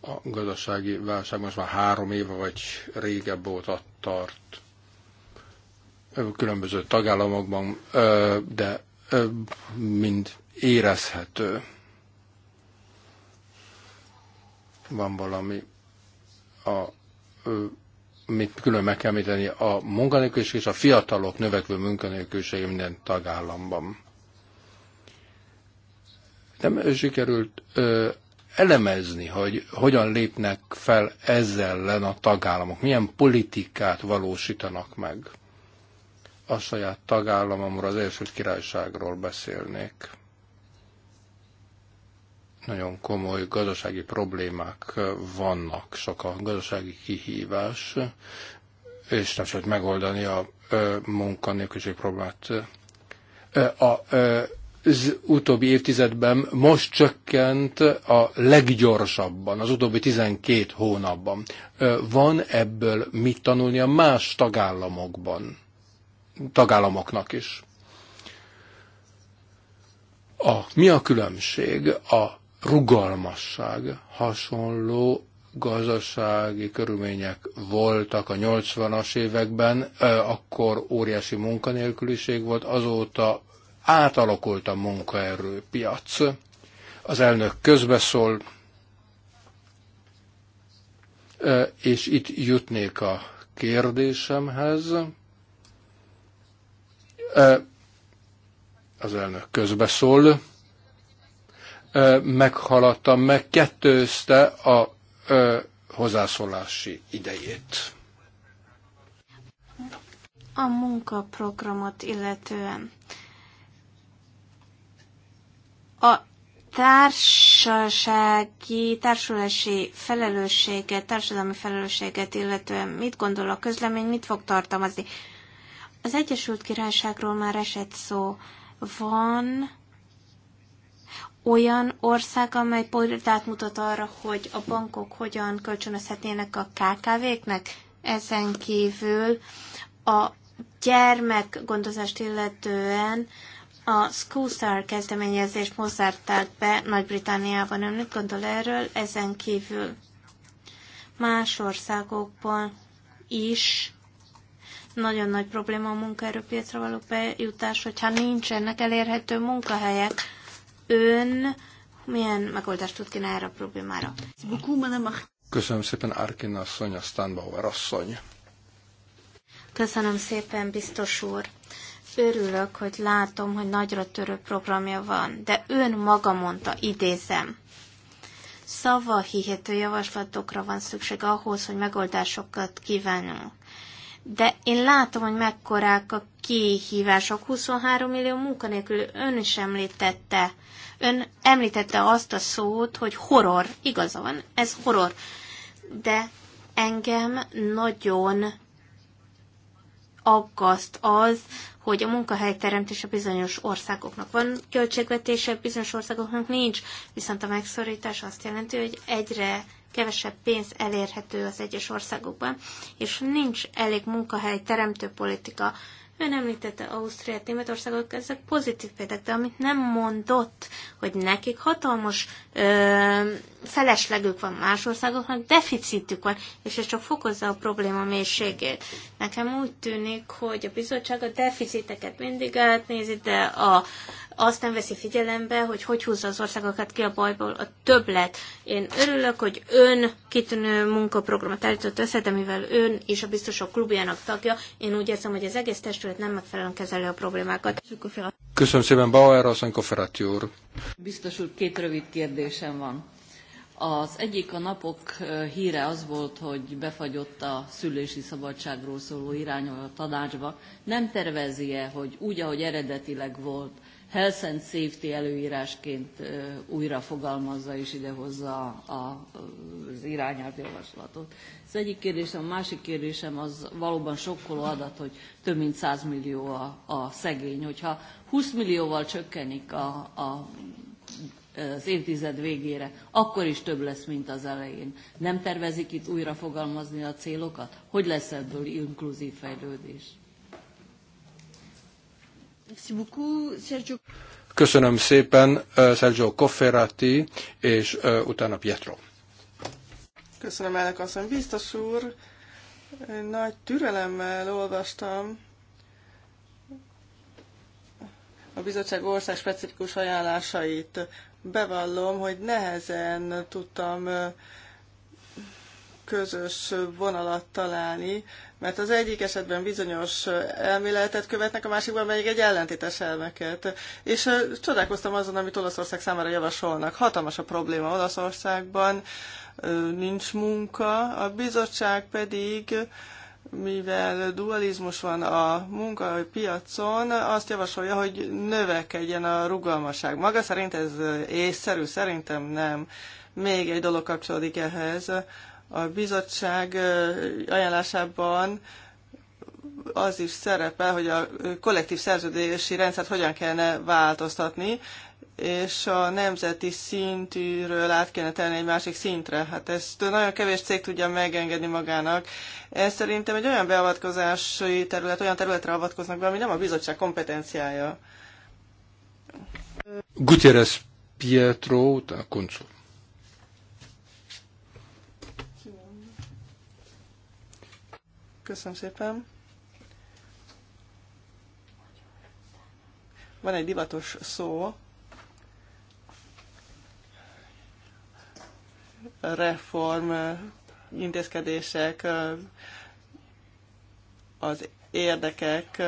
A gazdasági válság most már három éve vagy régebb óta tart különböző tagállamokban, de mind érezhető. Van valami, a, mit külön meg kell említeni, a munkanélküliség és a fiatalok növekvő munkanélkülisége minden tagállamban. Nem sikerült ö, elemezni, hogy hogyan lépnek fel ezzel ellen a tagállamok, milyen politikát valósítanak meg a saját tagállamomról, az Egyesült Királyságról beszélnék. Nagyon komoly gazdasági problémák vannak, sok a gazdasági kihívás, és nem sikerült megoldani a munkanélküliség problémát. A az utóbbi évtizedben most csökkent a leggyorsabban, az utóbbi 12 hónapban. Van ebből mit tanulni a más tagállamokban? tagállamoknak is. A, mi a különbség a rugalmasság hasonló gazdasági körülmények voltak a 80-as években, akkor óriási munkanélküliség volt, azóta átalakult a munkaerőpiac. Az elnök közbeszól, és itt jutnék a kérdésemhez. Az elnök közbeszól. Meghaladta, megkettőzte a hozzászólási idejét. A munkaprogramot illetően a társasági, társulási felelősséget, társadalmi felelősséget illetően mit gondol a közlemény, mit fog tartalmazni? Az Egyesült Királyságról már esett szó. Van olyan ország, amely példát mutat arra, hogy a bankok hogyan kölcsönözhetnének a KKV-knek. Ezen kívül a gyermekgondozást illetően a Schoolstar kezdeményezést mozárták be Nagy-Britániában. Ön mit gondol erről? Ezen kívül más országokban is nagyon nagy probléma a munkaerőpiacra való bejutás, hogyha nincsenek elérhető munkahelyek. Ön milyen megoldást tud kínálni erre a problémára? Köszönöm szépen, Árkin asszony, a Stanbauer asszony. Köszönöm szépen, biztos úr. Örülök, hogy látom, hogy nagyra törő programja van, de ön maga mondta, idézem. Szava hihető javaslatokra van szükség ahhoz, hogy megoldásokat kívánunk de én látom, hogy mekkorák a kihívások. 23 millió munkanélkül ön is említette. Ön említette azt a szót, hogy horror. Igaza van, ez horror. De engem nagyon aggaszt az, hogy a teremtése bizonyos országoknak van költségvetése, bizonyos országoknak nincs, viszont a megszorítás azt jelenti, hogy egyre kevesebb pénz elérhető az egyes országokban, és nincs elég munkahely teremtő politika. Ön említette Ausztriát, Németországot, ezek pozitív példák, de amit nem mondott, hogy nekik hatalmas ö, feleslegük van más országoknak, deficitük van, és ez csak fokozza a probléma mélységét. Nekem úgy tűnik, hogy a bizottság a deficiteket mindig átnézi, de a azt nem veszi figyelembe, hogy hogy húzza az országokat ki a bajból a többlet. Én örülök, hogy ön kitűnő munkaprogramot állított össze, de mivel ön és a biztosok klubjának tagja, én úgy érzem, hogy az egész testület nem megfelelően kezeli a problémákat. Köszönöm szépen, Bauer, asszony Koferati úr. Biztos úr, két rövid kérdésem van. Az egyik a napok híre az volt, hogy befagyott a szülési szabadságról szóló irányolva a tanácsba. Nem tervezi-e, hogy úgy, ahogy eredetileg volt, health and safety előírásként újra fogalmazza és idehozza a, az irányát javaslatot. Az egyik kérdésem, a másik kérdésem az valóban sokkoló adat, hogy több mint 100 millió a, a szegény. Hogyha 20 millióval csökkenik a, a az évtized végére, akkor is több lesz, mint az elején. Nem tervezik itt újra fogalmazni a célokat? Hogy lesz ebből inkluzív fejlődés? Köszönöm szépen Sergio Cofferati, és utána Pietro. Köszönöm, elnök asszony. Biztos úr, nagy türelemmel olvastam a bizottság ország specifikus ajánlásait. Bevallom, hogy nehezen tudtam közös vonalat találni mert az egyik esetben bizonyos elméletet követnek, a másikban pedig egy ellentétes elmeket. És csodálkoztam azon, amit Olaszország számára javasolnak. Hatalmas a probléma Olaszországban, nincs munka, a bizottság pedig mivel dualizmus van a munkapiacon, azt javasolja, hogy növekedjen a rugalmasság. Maga szerint ez észszerű, szerintem nem. Még egy dolog kapcsolódik ehhez. A bizottság ajánlásában az is szerepel, hogy a kollektív szerződési rendszert hogyan kellene változtatni, és a nemzeti szintűről át kéne tenni egy másik szintre. Hát ezt nagyon kevés cég tudja megengedni magának. Ez szerintem egy olyan beavatkozási terület, olyan területre avatkoznak be, ami nem a bizottság kompetenciája. Gutierrez Pietro, a konzul. Köszönöm szépen. Van egy divatos szó, reform intézkedések, az érdekek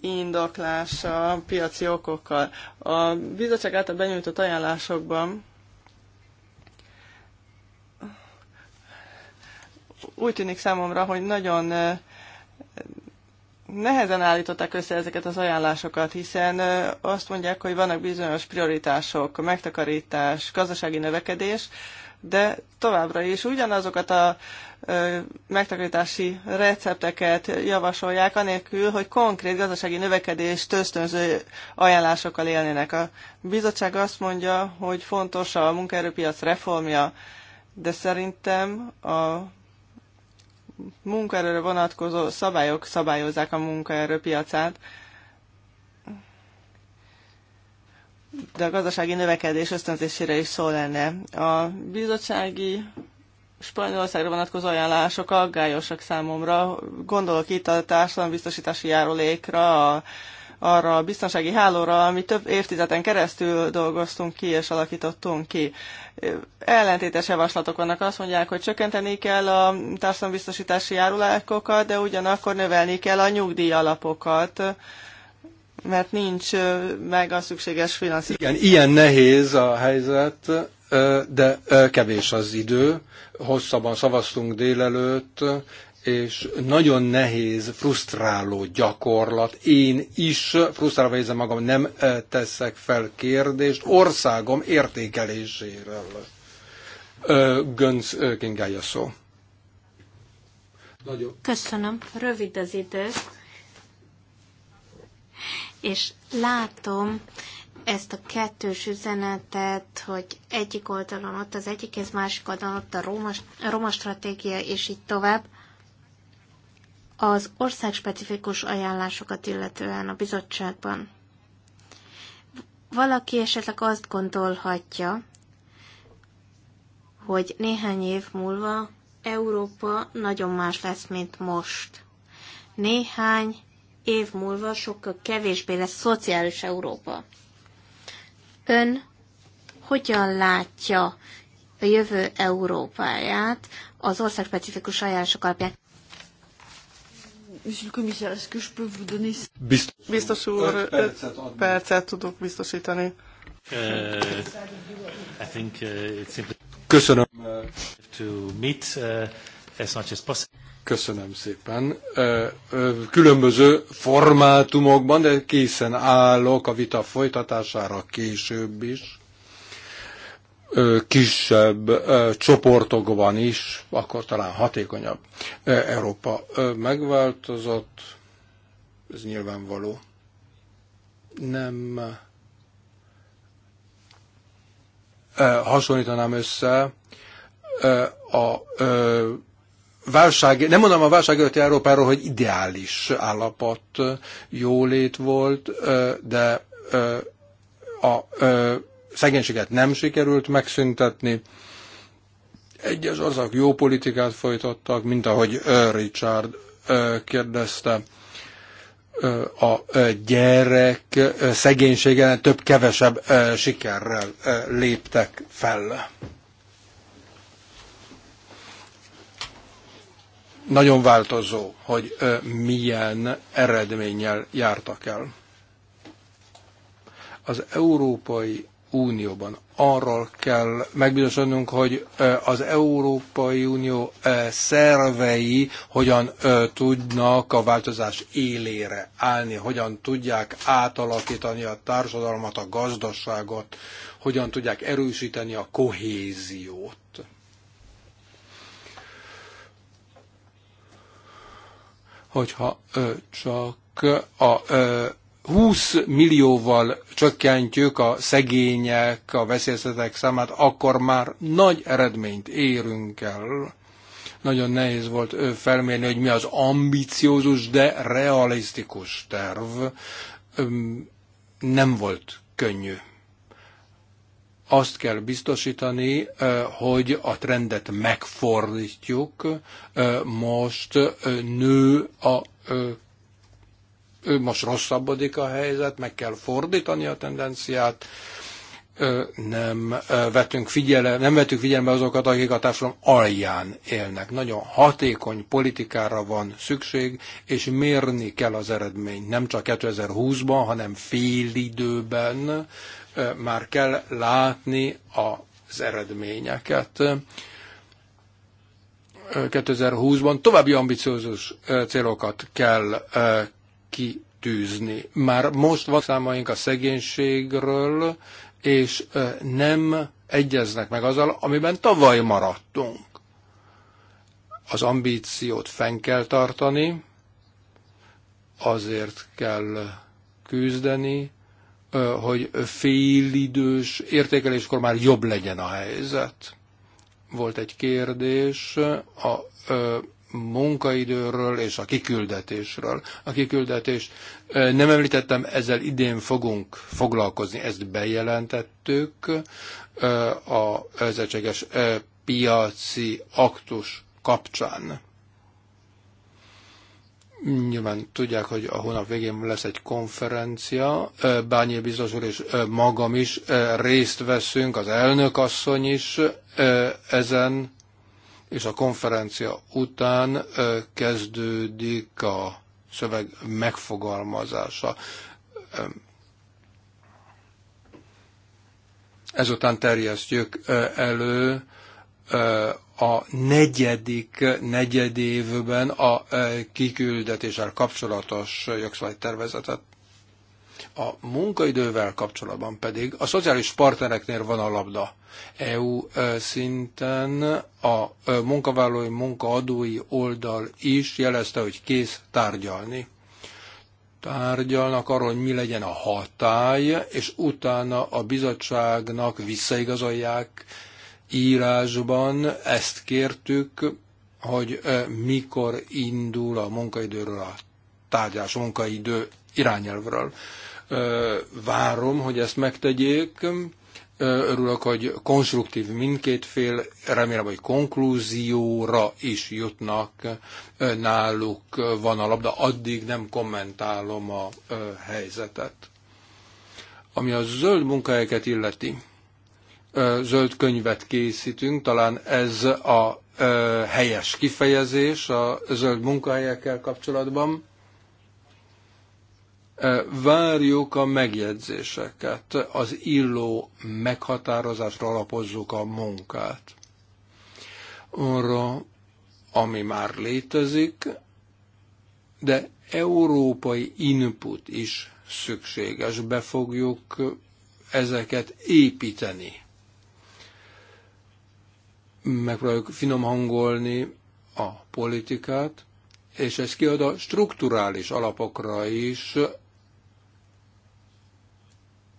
indoklása piaci okokkal. A bizottság által benyújtott ajánlásokban úgy tűnik számomra, hogy nagyon nehezen állították össze ezeket az ajánlásokat, hiszen azt mondják, hogy vannak bizonyos prioritások, megtakarítás, gazdasági növekedés, de továbbra is ugyanazokat a megtakarítási recepteket javasolják, anélkül, hogy konkrét gazdasági növekedést ösztönző ajánlásokkal élnének. A bizottság azt mondja, hogy fontos a munkaerőpiac reformja, de szerintem a munkaerőre vonatkozó szabályok szabályozzák a munkaerőpiacát, de a gazdasági növekedés ösztönzésére is szól lenne. A bizottsági Spanyolországra vonatkozó ajánlások aggályosak számomra. Gondolok itt a társadalombiztosítási járulékra, a arra a biztonsági hálóra, amit több évtizeden keresztül dolgoztunk ki és alakítottunk ki. Ellentétes javaslatok vannak, azt mondják, hogy csökkenteni kell a társadalombiztosítási járulékokat, de ugyanakkor növelni kell a nyugdíj alapokat mert nincs meg a szükséges finanszírozás. Igen, ilyen nehéz a helyzet, de kevés az idő. Hosszabban szavaztunk délelőtt, és nagyon nehéz, frusztráló gyakorlat. Én is frusztrálva érzem magam, nem eh, teszek fel kérdést országom értékeléséről. Gönc Kingája szó. Nagyon. Köszönöm, rövid az idő. És látom ezt a kettős üzenetet, hogy egyik oldalon ott az egyik, ez másik oldalon ott a roma, roma stratégia, és így tovább az országspecifikus ajánlásokat illetően a bizottságban. Valaki esetleg azt gondolhatja, hogy néhány év múlva Európa nagyon más lesz, mint most. Néhány év múlva sokkal kevésbé lesz szociális Európa. Ön hogyan látja a jövő Európáját az országspecifikus ajánlások alapján? Monsieur le commissaire, est-ce que je peux vous donner... Biztos, úr, öt percet, percet tudok biztosítani. Uh, I think, uh, it's simply... Köszönöm. To meet, uh, as much as possible. Köszönöm szépen. Uh, uh, különböző formátumokban, de készen állok a vita folytatására később is kisebb csoportokban is, akkor talán hatékonyabb. Európa megváltozott, ez nyilvánvaló. Nem hasonlítanám össze a válság, nem mondom a válság előtti Európáról, hogy ideális állapot, jólét volt, de a szegénységet nem sikerült megszüntetni. Egyes országok jó politikát folytattak, mint ahogy Richard kérdezte a gyerek szegénységen több-kevesebb sikerrel léptek fel. Nagyon változó, hogy milyen eredménnyel jártak el. Az Európai Unióban. Arról kell megbizonyosodnunk, hogy az Európai Unió szervei hogyan tudnak a változás élére állni, hogyan tudják átalakítani a társadalmat, a gazdaságot, hogyan tudják erősíteni a kohéziót. Hogyha csak a 20 millióval csökkentjük a szegények, a veszélyeztetek számát, akkor már nagy eredményt érünk el. Nagyon nehéz volt felmérni, hogy mi az ambiciózus, de realisztikus terv. Nem volt könnyű. Azt kell biztosítani, hogy a trendet megfordítjuk. Most nő a ő most rosszabbodik a helyzet, meg kell fordítani a tendenciát, nem vetünk figyele, nem vetünk figyelembe azokat, akik a társadalom alján élnek. Nagyon hatékony politikára van szükség, és mérni kell az eredményt. Nem csak 2020-ban, hanem fél időben már kell látni az eredményeket. 2020-ban további ambiciózus célokat kell kitűzni. Már most van számaink a szegénységről, és nem egyeznek meg azzal, amiben tavaly maradtunk. Az ambíciót fenn kell tartani, azért kell küzdeni, hogy félidős értékeléskor már jobb legyen a helyzet. Volt egy kérdés a munkaidőről és a kiküldetésről. A kiküldetés nem említettem, ezzel idén fogunk foglalkozni, ezt bejelentettük a vezetséges piaci aktus kapcsán. Nyilván tudják, hogy a hónap végén lesz egy konferencia, Bányi biztos úr és magam is részt veszünk, az elnök asszony is ezen és a konferencia után kezdődik a szöveg megfogalmazása. Ezután terjesztjük elő a negyedik negyedévben a kiküldetéssel kapcsolatos jogszabálytervezetet. A munkaidővel kapcsolatban pedig a szociális partnereknél van a labda. EU szinten a munkavállalói, munkaadói oldal is jelezte, hogy kész tárgyalni tárgyalnak arról, hogy mi legyen a hatály, és utána a bizottságnak visszaigazolják írásban. Ezt kértük, hogy mikor indul a munkaidőről a tárgyás munkaidő irányelvről várom, hogy ezt megtegyék. Örülök, hogy konstruktív mindkét fél, remélem, hogy konklúzióra is jutnak náluk van a labda, addig nem kommentálom a helyzetet. Ami a zöld munkahelyeket illeti, zöld könyvet készítünk, talán ez a helyes kifejezés a zöld munkahelyekkel kapcsolatban Várjuk a megjegyzéseket, az illó meghatározásra alapozzuk a munkát. Arra, ami már létezik, de európai input is szükséges, be fogjuk ezeket építeni. Megpróbáljuk finom hangolni a politikát, és ez kiad a strukturális alapokra is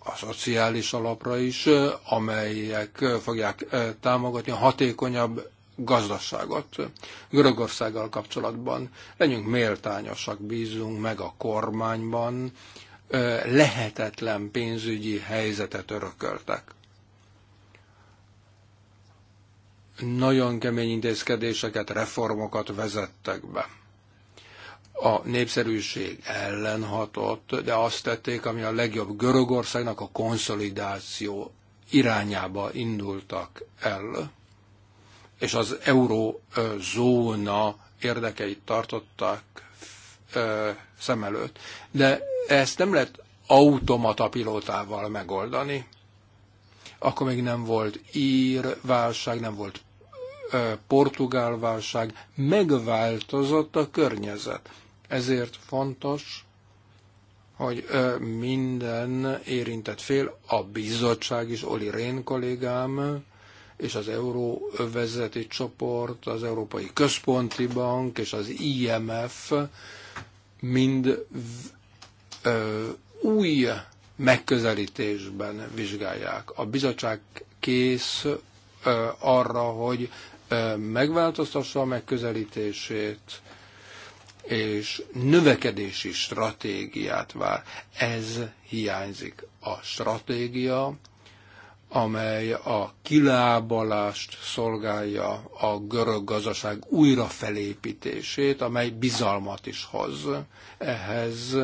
a szociális alapra is, amelyek fogják eh, támogatni a hatékonyabb gazdaságot Görögországgal kapcsolatban. Legyünk méltányosak, bízunk meg a kormányban, eh, lehetetlen pénzügyi helyzetet örököltek. Nagyon kemény intézkedéseket, reformokat vezettek be a népszerűség ellen hatott, de azt tették, ami a legjobb Görögországnak a konszolidáció irányába indultak el, és az eurózóna érdekeit tartották szem előtt. De ezt nem lehet automata pilótával megoldani. Akkor még nem volt ír válság, nem volt portugál válság, megváltozott a környezet ezért fontos, hogy minden érintett fél, a bizottság is, Oli Rén kollégám, és az Euróvezeti csoport, az Európai Központi Bank és az IMF mind új megközelítésben vizsgálják. A bizottság kész arra, hogy megváltoztassa a megközelítését, és növekedési stratégiát vár. Ez hiányzik. A stratégia, amely a kilábalást szolgálja a görög gazdaság újrafelépítését, amely bizalmat is hoz. Ehhez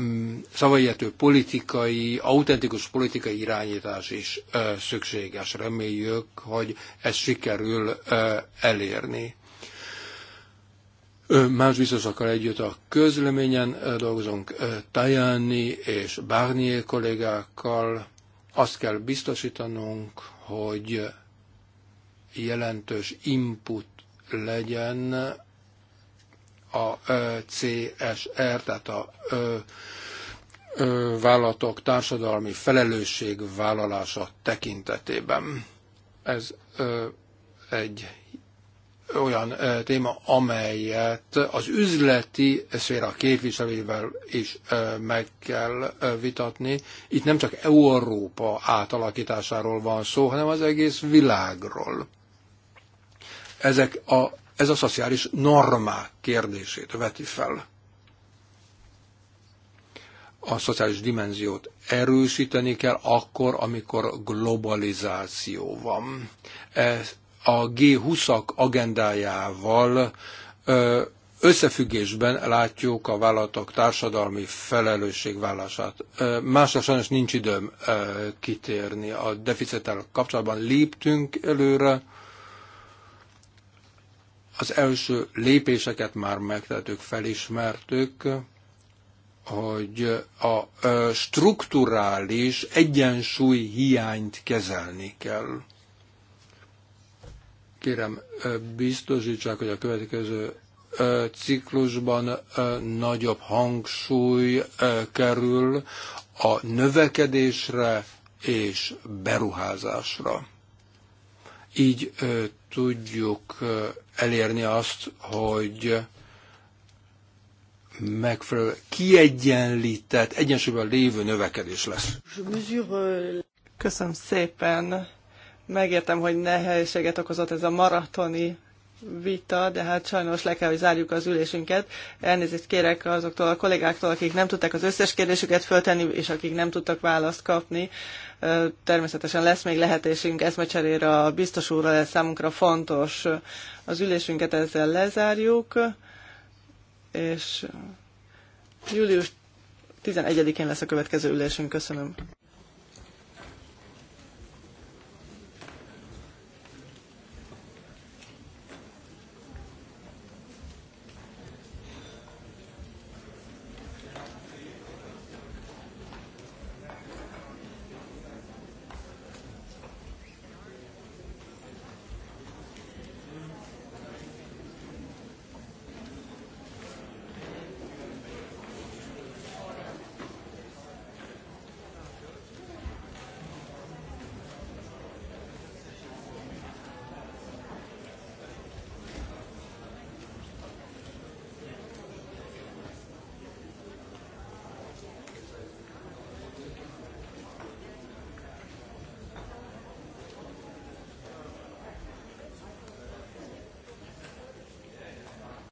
mm, szavaiető politikai, autentikus politikai irányítás is szükséges. Reméljük, hogy ezt sikerül elérni. Más biztosakkal együtt a közleményen dolgozunk Tajani és Barnier kollégákkal. Azt kell biztosítanunk, hogy jelentős input legyen a CSR, tehát a vállalatok társadalmi felelősségvállalása tekintetében. Ez egy olyan téma, amelyet az üzleti szféra képviselővel is meg kell vitatni. Itt nem csak Európa átalakításáról van szó, hanem az egész világról. Ezek a, ez a szociális normák kérdését veti fel. A szociális dimenziót erősíteni kell akkor, amikor globalizáció van. Ez a G20-ak agendájával összefüggésben látjuk a vállalatok társadalmi felelősségvállását. Másra sajnos nincs időm kitérni. A deficittel kapcsolatban léptünk előre, az első lépéseket már megtettük, felismertük, hogy a strukturális egyensúly hiányt kezelni kell. Kérem, biztosítsák, hogy a következő ciklusban nagyobb hangsúly kerül a növekedésre és beruházásra. Így tudjuk elérni azt, hogy megfelelő, kiegyenlített, egyensúlyban lévő növekedés lesz. Euh, Köszönöm szépen Megértem, hogy nehézséget okozott ez a maratoni vita, de hát sajnos le kell, hogy zárjuk az ülésünket. Elnézést kérek azoktól a kollégáktól, akik nem tudták az összes kérdésüket föltenni, és akik nem tudtak választ kapni. Természetesen lesz még lehetésünk eszmecserére a biztos úrral, ez számunkra fontos. Az ülésünket ezzel lezárjuk, és július 11-én lesz a következő ülésünk. Köszönöm.